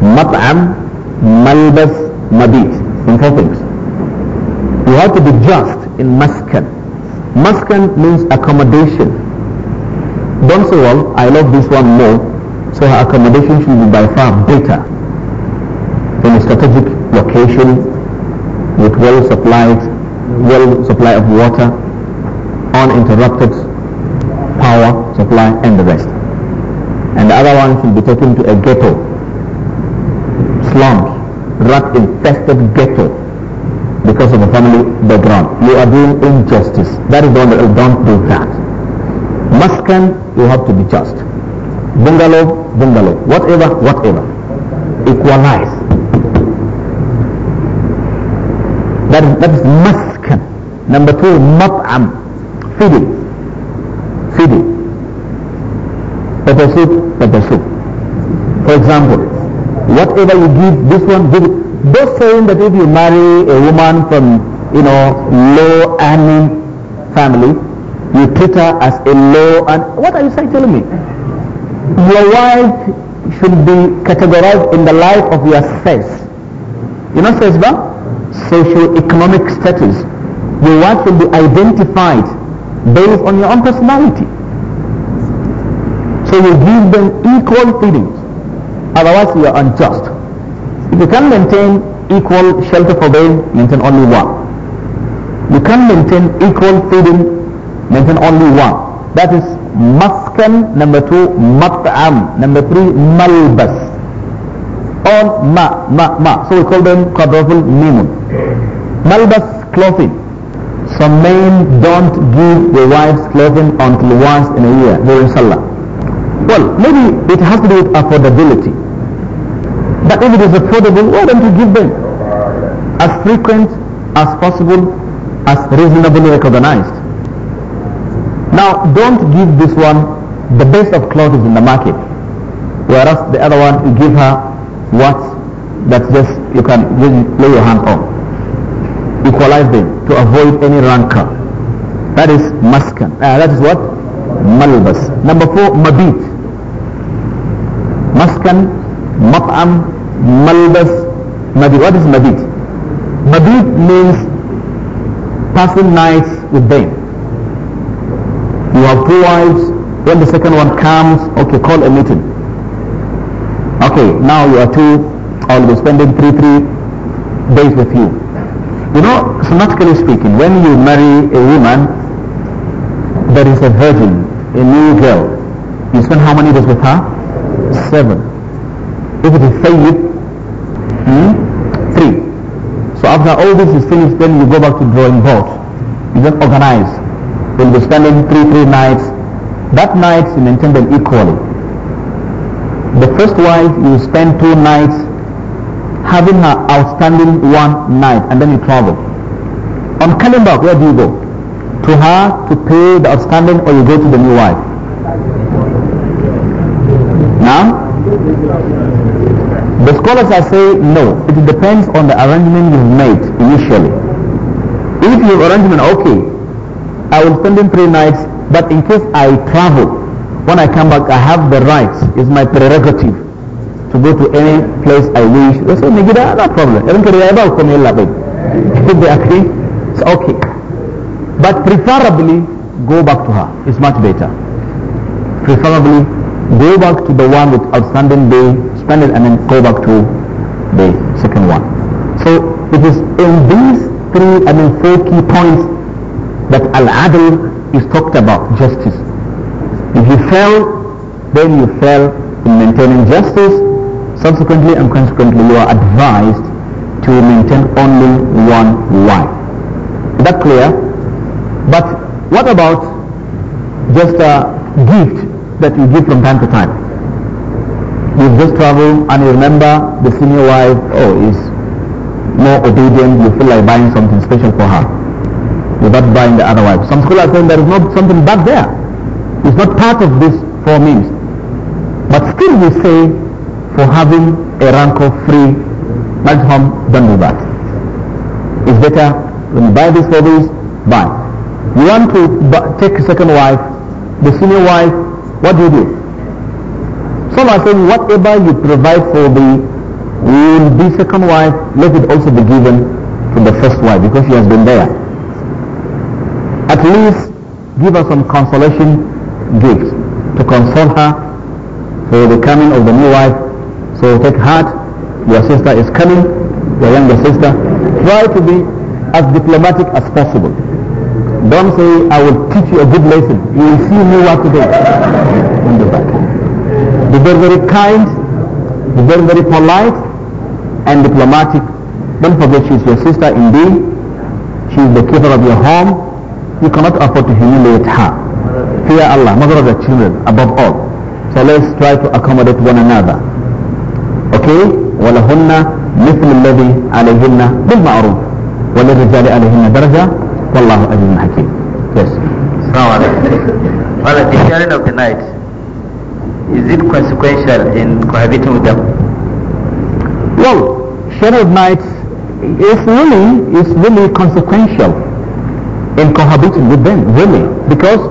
Speaker 1: mat'am, malbas, mabit. In four things. You have to be just in maskan. Maskan means accommodation. Don't say, well, I love this one more, so her accommodation should be by far better in a strategic location with well supplied well supply of water, uninterrupted power supply, and the rest. And the other one should be taken to a ghetto, slums, rat infested ghetto because of a family background. You are doing injustice. That is the one that don't do that. Muskan, you have to be just. Bungalow, bungalow. Whatever, whatever. Equalize. That, that is must Number two, mat'am, feeding. Feeding. Pepper soup, pepper soup. For example, whatever you give, this one, give it. Those saying that if you marry a woman from, you know, low earning family, you treat her as a low and what are you saying telling me? Your wife should be categorized in the light of your sex. You know says sex, Social economic status your work will be identified based on your own personality. So you give them equal feelings. Otherwise you are unjust. If you can maintain equal shelter for them, maintain only one. You can maintain equal feeding, maintain only one. That is maskan, number two, mat'am, number three, malbas. All ma, ma, ma. So we call them quadruple mimun. Malbas, clothing some men don't give their wives clothing until once in a year during Salah. Well, maybe it has to do with affordability. But if it is affordable, why don't you give them as frequent as possible, as reasonably recognized? Now, don't give this one the best of clothes in the market, whereas the other one you give her what that just you can really lay your hand on equalize them to avoid any rancor. That is maskan. Uh, that is what? Malbas. Number four, mabit. Maskan, mat'am, malbas, mabit. What is mabit? Mabit means passing nights with them. You have two wives. When the second one comes, okay, call a meeting. Okay, now you are two. I will be spending three, three days with you. You know, semantically speaking, when you marry a woman that is a virgin, a new girl, you spend how many days with her? Seven. If it is Sayyid, hmm, three. So after all this is finished, then you go back to drawing board. You just organize. You'll be spending three, three nights. That night you maintain them equally. The first wife you spend two nights having her outstanding one night and then you travel. On back. where do you go? To her to pay the outstanding or you go to the new wife? Now? The scholars are saying no, it depends on the arrangement you've made initially. If your arrangement, okay, I will spend in three nights, but in case I travel, when I come back, I have the rights, it's my prerogative to go to any place I wish. They say, Megida, no problem. Irin ka riwaya ba ku kuma yalla bai. They agree, it's okay. But preferably, go back to her. It's much better. Preferably, go back to the one with outstanding day, spend it and then go back to the second one. So it is in these three, I mean four key points that Al-Adl is talked about, justice. If you fail, then you fail in maintaining justice Subsequently and consequently, you are advised to maintain only one wife. Is that clear? But what about just a gift that you give from time to time? You just travel and you remember the senior wife, oh, is more obedient, you feel like buying something special for her without buying the other wife. Some scholars say there is not something bad there. It's not part of this four means. But still we say for having a rank of free madhum, don't do that. It's better when you buy this for this, buy. You want to take a second wife, the senior wife, what do you do? Some are saying whatever you provide for the will be second wife, let it also be given to the first wife because she has been there. At least give her some consolation gifts to console her for the coming of the new wife So take heart, your sister is coming, your younger sister. Try to be as diplomatic as possible. Don't say, I will teach you a good lesson. You will see me what to do. Don't do that. Be very, very kind, be very, very polite and diplomatic. Don't forget she is your sister indeed. She is the keeper of your home. You cannot afford to humiliate her. Fear Allah, mother of the children, above all. So let's try to accommodate one another. اوكي ولهن مثل الذي عليهن بالمعروف وللرجال عليهن درجة
Speaker 3: والله عليم حكيم يس السلام عليكم well في sharing of the نايت is it consequential in cohabiting with them well sharing of nights is really is really consequential
Speaker 1: in cohabiting with them really because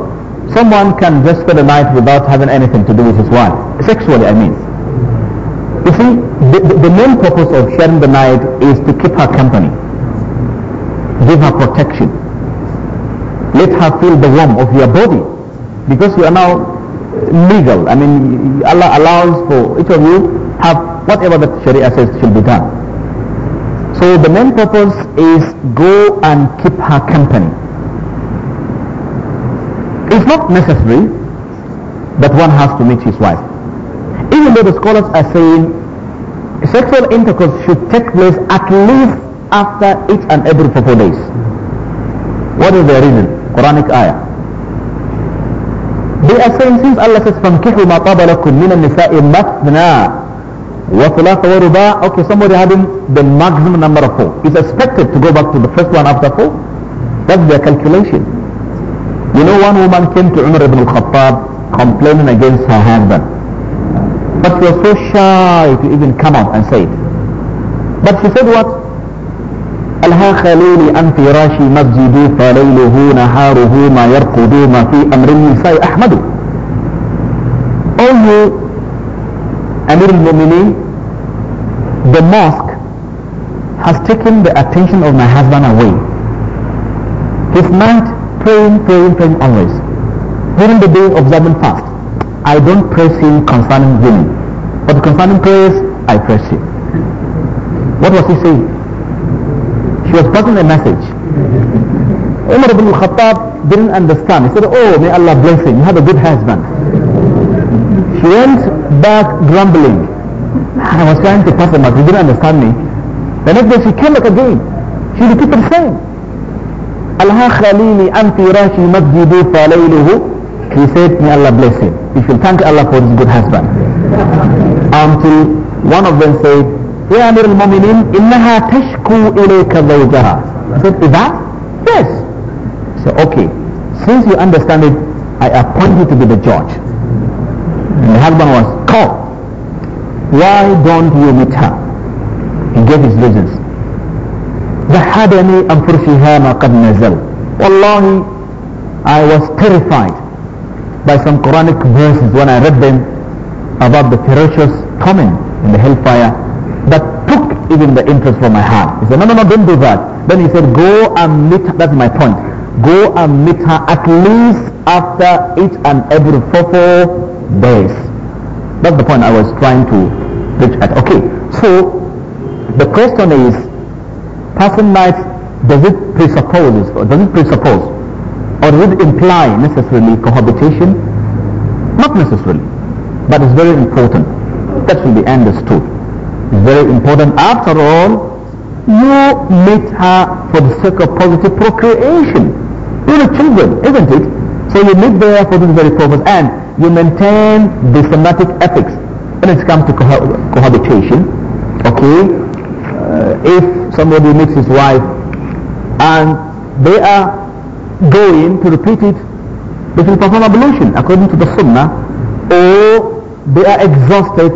Speaker 1: someone can just spend a night without having anything to do with his wife sexually I mean You see, the, the, the main purpose of sharing the night is to keep her company, give her protection, let her feel the warmth of your body, because you are now legal. I mean, Allah allows for each of you have whatever the Sharia says should be done. So the main purpose is go and keep her company. It's not necessary that one has to meet his wife even though the scholars are saying sexual intercourse should take place at least after each and every four days. What is the reason? Quranic ayah. They are saying since Allah says "From فَانْكِحُوا مَا طَابَ لَكُمْ مِنَ النِّسَاءِ مَثْنَا وَثُلَاثَ وَرُبَاءَ Okay, somebody having the maximum number of four. It's expected to go back to the first one after four. That's their calculation. You know one woman came to Umar ibn al-Khattab complaining against her husband but you're so shy to even come out and say it. But she said what? ألها خليلي عن فراشي مسجدي فليله نهاره ما يرقد ما في أمر النساء أحمد. Only Amir al-Mu'mineen, the mosque has taken the attention of my husband away. His night praying, praying, praying always. During the day of observing fast. I don't praise him concerning women. But concerning praise, I praise him. What was he saying? She was passing a message. Umar ibn al-Khattab didn't understand. He said, oh, may Allah bless him. You have a good husband. She went back grumbling. I was trying to pass the message. He didn't understand me. The next day she came back again. She repeated the same. He said, may Allah bless him. You should thank Allah for his good husband. Until one of them said, يا أمير المؤمنين إنها تشكو إليك زوجها. He said, is that? Yes. So okay, since you understand it, I appoint you to be the judge. And the husband was called. Why don't you meet her? He gave his reasons. ذهبني أنفر فيها ما قد نزل. Wallahi, I was terrified by some Quranic verses when I read them about the ferocious torment in the hellfire that took even the interest from my heart. He said, no, no, no, don't do that. Then he said, go and meet her. That's my point. Go and meet her at least after each and every four, four days. That's the point I was trying to reach at. Okay, so the question is, person nights, does it presuppose, or does it presuppose, or does it imply necessarily cohabitation? Not necessarily, but it's very important. That should be understood. It's very important. After all, you meet her for the sake of positive procreation. You know children, isn't it? So you meet there for this very purpose and you maintain the somatic ethics when it comes to cohabitation. Okay? Uh, if somebody meets his wife and they are going to repeat it they will perform ablution according to the sunnah or they are exhausted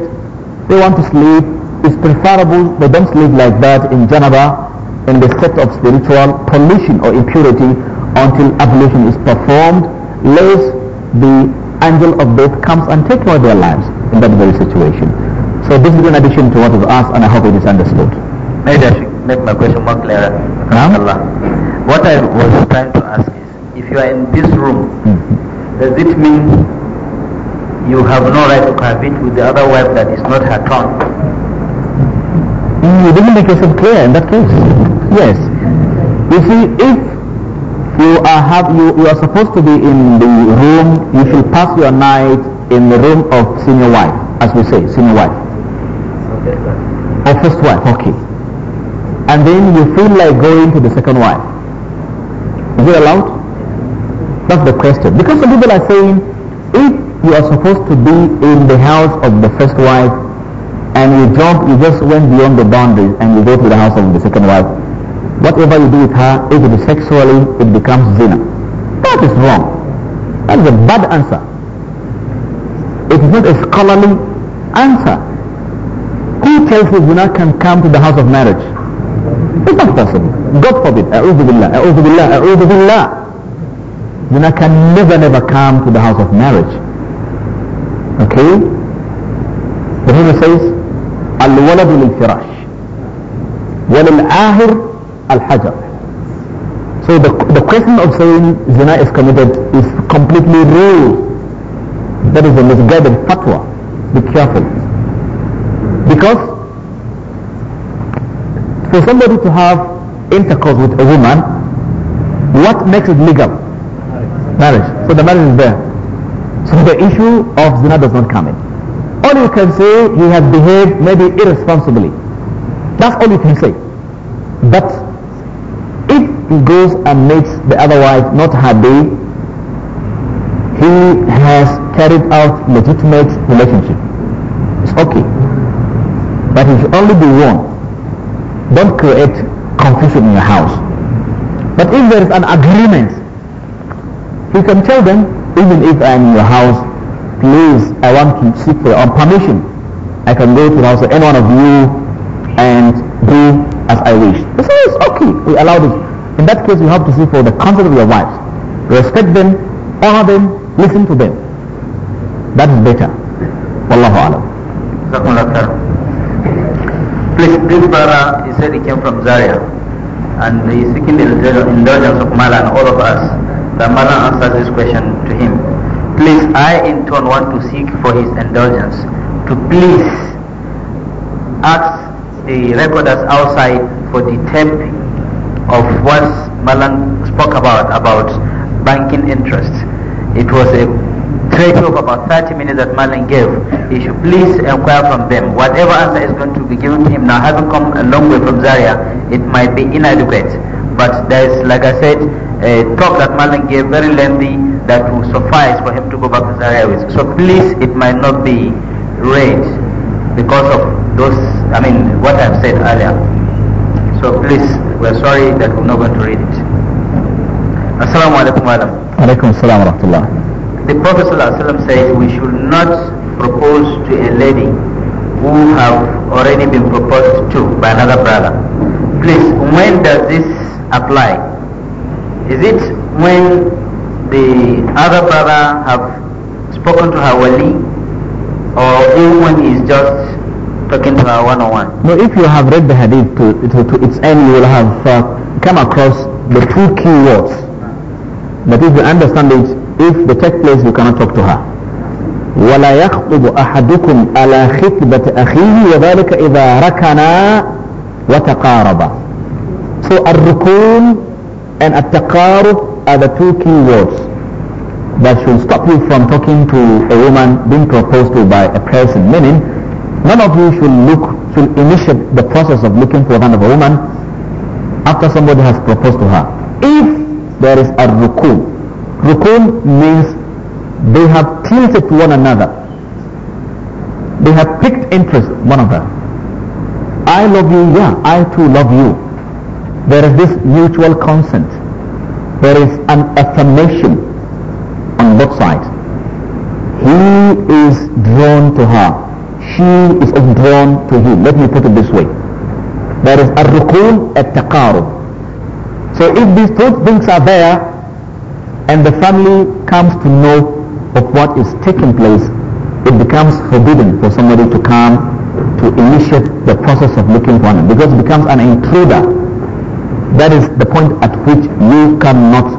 Speaker 1: they want to sleep it's preferable they don't sleep like that in Janaba in the state of spiritual pollution or impurity until ablution is performed lest the angel of death comes and takes away their lives in that very situation so this is in addition to what was asked and I hope it is
Speaker 3: understood May I make my question more clearer huh? Allah. what I was trying to ask if you are in this room, does it mean you have no right to cohabit with the other wife that is not her turn?
Speaker 1: You didn't make yourself clear in that case. Yes. You see, if you are have you, you are supposed to be in the room, you should pass your night in the room of senior wife, as we say, senior wife.
Speaker 3: Okay, or
Speaker 1: first wife, okay. And then you feel like going to the second wife. Is it allowed? That's the question. Because some people are saying, if you are supposed to be in the house of the first wife and you jump, you just went beyond the boundaries and you go to the house of the second wife, whatever you do with her, if it is sexually, it becomes zina. That is wrong. That is a bad answer. It is not a scholarly answer. Who tells you zina can come to the house of marriage? It's not possible. God forbid. A'udhu billah. A'udhu billah. A'udhu billah then I can never, never come to the house of marriage. Okay? The Hebrew says, الولد للفراش وللآهر الحجر So the, the question of saying zina is committed is completely ruled. That is a misguided fatwa. Be careful. Because for somebody to have intercourse with a woman, what makes it legal? marriage. So the marriage is there. So the issue of zina does not come in. All you can say, he has behaved maybe irresponsibly. That's all you can say. But if he goes and makes the other wife not happy, he has carried out legitimate relationship. It's okay. But he should only be warned. Don't create confusion in your house. But if there is an agreement he can tell them, even if I'm in your house, please, I want to seek for your permission. I can go to the house of any one of you and do as I wish. They say, it's okay, we allow this. In that case, you have to seek for the consent of your wives. Respect them, honor them, listen to them. That is better.
Speaker 3: Wallahu alam. Please, this brother, he said he came from Zaria and he's seeking the indulgence of Mala and all of us. The Mala answered this question to him. Please, I in turn want to seek for his indulgence to please ask the recorders outside for the tape of what Malan spoke about, about banking interest. It was a trade of about 30 minutes that Malan gave. He should please inquire from them. Whatever answer is going to be given to him now, having come a long way from Zaria, it might be inadequate. But there is, like I said, a talk that Malan gave, very lengthy, that will suffice for him to go back to Zaria with. So please, it might not be read because of those, I mean, what I've said earlier. So please, we're sorry that we're not going to read it. Assalamu alaikum wa
Speaker 1: alaikum assalam wa rahmatullah.
Speaker 3: The Prophet says we should not propose to a lady who have already been proposed to by another brother. Please, when does this apply? Is it when the other brother have spoken to her wali or even when he is just talking to her one-on-one? No, if you have
Speaker 1: read the hadith to, to, to its end, you will have uh, come across the two key words. But if you understand it, if the take place, you cannot talk to her. ولا يخطب أحدكم على خطبة أخيه وذلك إذا ركنا وتقاربا so ar rukun and at taqarub are the two key words that should stop you from talking to a woman being proposed to by a person. Meaning, none of you should look, should initiate the process of looking for another woman after somebody has proposed to her.
Speaker 2: If
Speaker 1: there is a rukun, rukun means they have tilted to one another. They have picked interest one another. I love you, yeah, I too love you there is this mutual consent. There is an affirmation on both sides. He is drawn to her. She is drawn to him. Let me put it this way. There is a rukun, at taqarub. So if these two things are there and the family comes to know of what is taking place, it becomes forbidden for somebody to come to initiate the process of looking for one because it becomes an intruder that is the point at which you cannot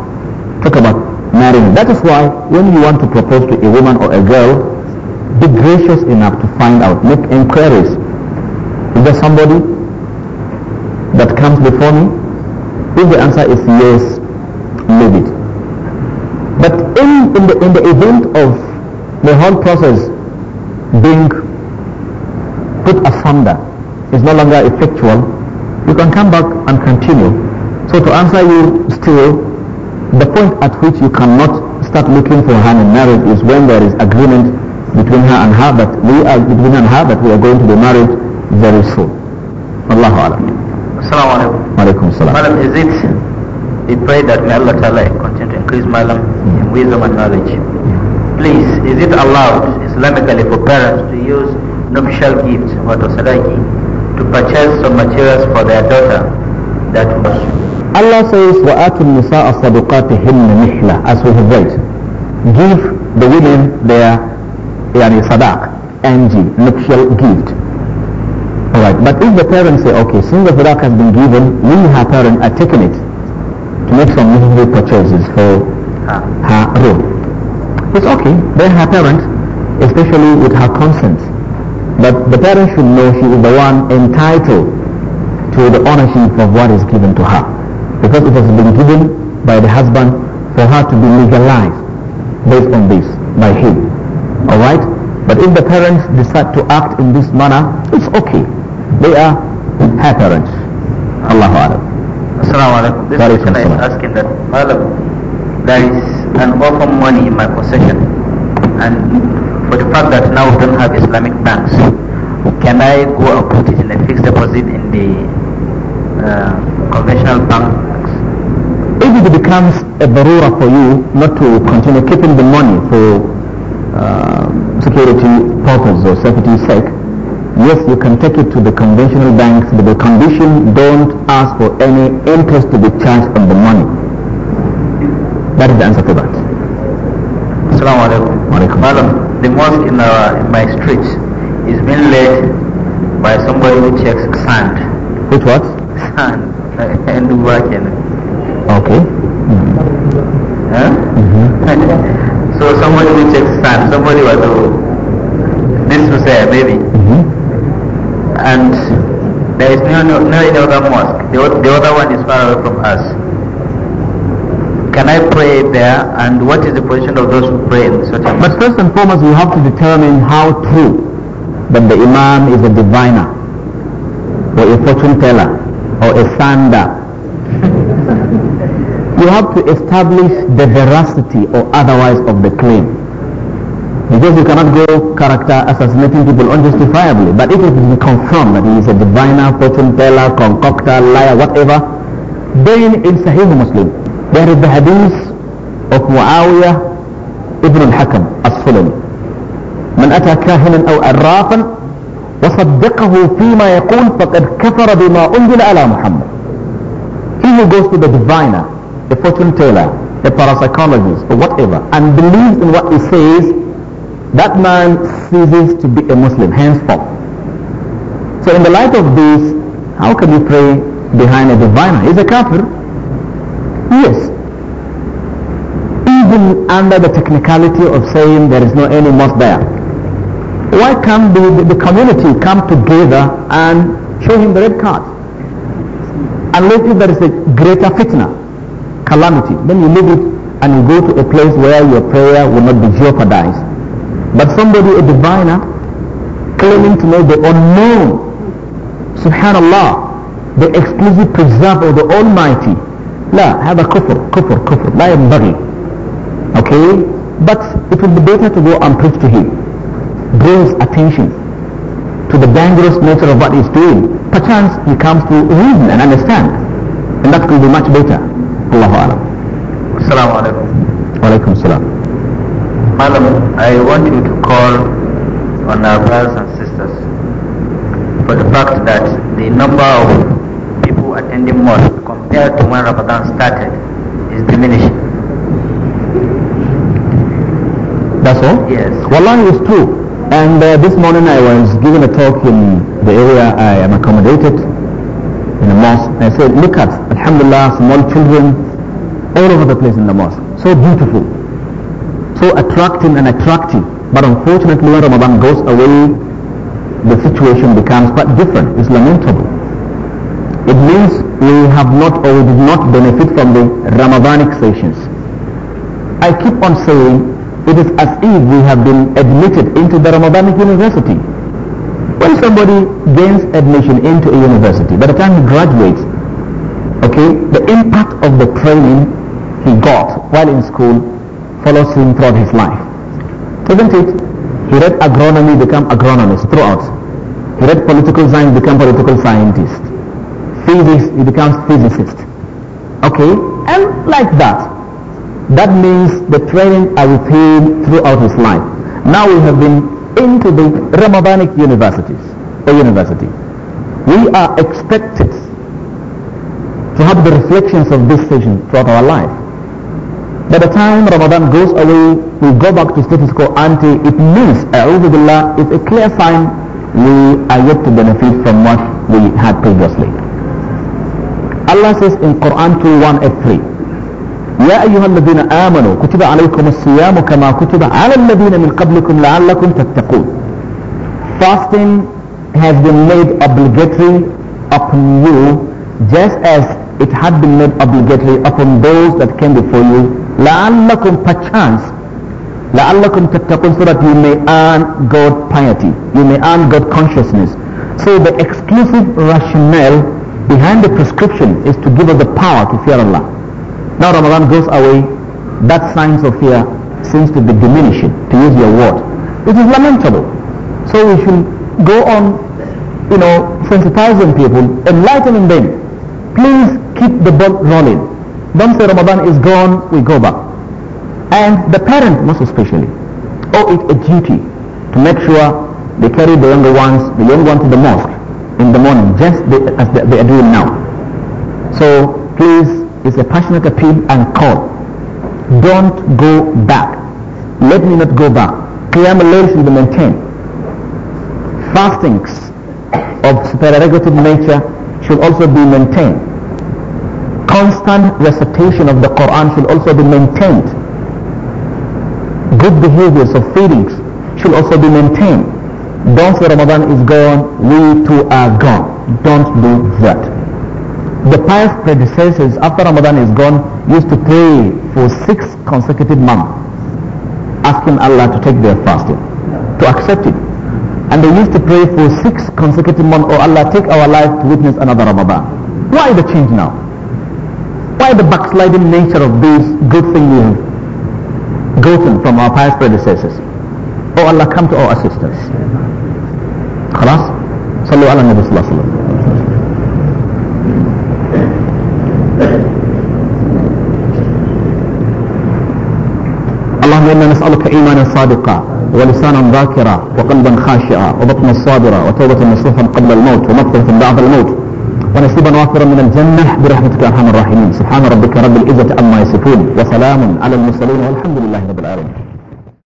Speaker 1: talk about marrying. That is why when you want to propose to a woman or a girl, be gracious enough to find out, make inquiries. Is there somebody that comes before me? If the answer is yes, leave it. But in, in, the, in the event of the whole process being put asunder, is no longer effectual, you can come back and continue. So to answer you still, the point at which you cannot start looking for her in marriage is when there is agreement between her and her that we are between her and her that we are going to be married very soon.
Speaker 3: Allahu Alam. Assalamu alaikum. salam. Madam, is it, we pray that may Allah Ta'ala continue to increase Malam in wisdom and knowledge. Please, is it allowed Islamically for parents to use nuptial gifts, what sadaqi, to purchase some materials for their daughter that was
Speaker 1: Allah says وَآتُ النِّسَاءَ صَدُقَاتِهِنَّ نِحْلَةً as we have read give the women their yani sadaq ng nuptial gift alright but if the parents say okay since the sadaq has been given we her parent are taking it to make some necessary purchases for ah. her room it's okay they're her parents especially with her consent but the parent should know she is the one entitled to the ownership of what is given to her. Because it has been given by the husband for her to be legalized based on this by him. Alright? But if the parents decide to act in this manner, it's okay. They are
Speaker 3: her parents. Allahu Alam. Assalamu alaikum. This question is asking that, Malam, there is an offer money in my possession and for the fact that now we don't have Islamic banks, can I go and put it in a fixed deposit in the uh, conventional banks?
Speaker 1: If it becomes a barura for you not to continue keeping the money for uh, security purposes or safety sake, yes, you can take it to the conventional banks, but the condition don't ask for any interest to be charged on the money. That is the answer to that.
Speaker 3: Assalamu alaikum. Madam, the mosque in, in, my street is being led by somebody who checks sand. Which what? Sand. and working.
Speaker 1: Okay. Mm.
Speaker 3: Huh? Mm-hmm. so somebody who checks sand, somebody was a, this was there maybe. Mm-hmm. And there is no, no, no other mosque. The, the other one is far away from us. Can I pray there? And what is the position of those who pray in such a
Speaker 1: But first and foremost, we have to determine how true that the Imam is a diviner, or a fortune teller, or a sander. you have to establish the veracity or otherwise of the claim. Because you cannot go character assassinating people unjustifiably. But if it is confirmed that he is a diviner, fortune teller, concoctor, liar, whatever, then in Sahih Muslim, There is the معاوية ابن الحكم ibn من أتى كاهنا أو عرافا وصدقه فيما يقول فقد كفر بما أنزل على محمد He who goes to the diviner, the fortune teller, the parapsychologist or whatever and believes in what he says that man ceases to be a Muslim henceforth. So in the light of this, how can you pray behind a diviner? He's a kafir. Yes. Even under the technicality of saying there is no any mosque there. Why can't the, the, the community come together and show him the red card? Unless if there is a greater fitna, calamity, then you leave it and you go to a place where your prayer will not be jeopardized. But somebody, a diviner, claiming to know the unknown, subhanallah, the exclusive preserve of the Almighty, لا هذا كفر كفر كفر لا ينبغي okay but it would be better to go and preach to him Brings attention to the dangerous nature of what he's doing perchance he comes to reason and understand and that will be much better Allahu Alam
Speaker 3: Assalamu Madam, I want you to call on our brothers and sisters for the fact that the number of attending mosque compared to when Ramadan started is diminishing. That's all? Yes. Wallahi is
Speaker 1: true. And uh, this morning I was giving a talk in the area I am accommodated in a mosque. I said, look at, alhamdulillah, small children all over the place in the mosque. So beautiful. So attracting and attractive. But unfortunately when Ramadan goes away, the situation becomes quite different. It's lamentable it means we have not or we did not benefit from the Ramadanic sessions. I keep on saying it is as if we have been admitted into the Ramadanic university. When somebody gains admission into a university, by the time he graduates, okay, the impact of the training he got while in school follows him throughout his life. Isn't it? He read agronomy, become agronomist throughout. He read political science, become political scientist physics, he becomes physicist. Okay? And like that. That means the training I will pay throughout his life. Now we have been into the Ramadanic universities or university. We are expected to have the reflections of this vision throughout our life. By the time Ramadan goes away, we go back to status quo ante. It means, A'udhu Billah, it's a clear sign we are yet to benefit from what we had previously. Allah says in Quran 2:183 يا أيها الذين آمنوا كتب عليكم الصيام كما كتب على الذين من قبلكم لعلكم تتقون Fasting has been made obligatory upon you just as it had been made obligatory upon those that came before you لعلكم perchance لعلكم تتقون so that you may earn God piety you may earn God consciousness so the exclusive rationale behind the prescription is to give us the power to fear Allah. Now Ramadan goes away, that signs of fear seems to be diminishing, to use your word. It is lamentable. So we should go on, you know, sensitizing people, enlightening them. Please keep the ball rolling. Don't say Ramadan is gone, we go back. And the parent most especially owe it a duty to make sure they carry the younger ones, the young ones to the mosque in the morning, just the, as they are doing now. So please, it's a passionate appeal and call. Don't go back. Let me not go back. Qiyam al should be maintained. Fastings of supererogative nature should also be maintained. Constant recitation of the Quran should also be maintained. Good behaviors of feelings should also be maintained once Ramadan is gone, we too are gone. Don't do that. The pious predecessors after Ramadan is gone used to pray for six consecutive months asking Allah to take their fasting, to accept it. And they used to pray for six consecutive months, oh Allah, take our life to witness another Ramadan. Why the change now? Why the backsliding nature of this good thing we have gotten from our pious predecessors? Oh Allah, come to our assistance. خلاص صلوا على النبي صلى الله عليه وسلم اللهم إنا نسألك إيمانا صادقا ولسانا ذاكرا وقلبا خاشعا وبطنا صابرا وتوبة نصوحا قبل الموت ومغفرة بعد الموت ونصيبا وافرا من الجنة برحمتك يا أرحم الراحمين سبحان ربك رب العزة عما يصفون وسلام على المرسلين والحمد لله رب العالمين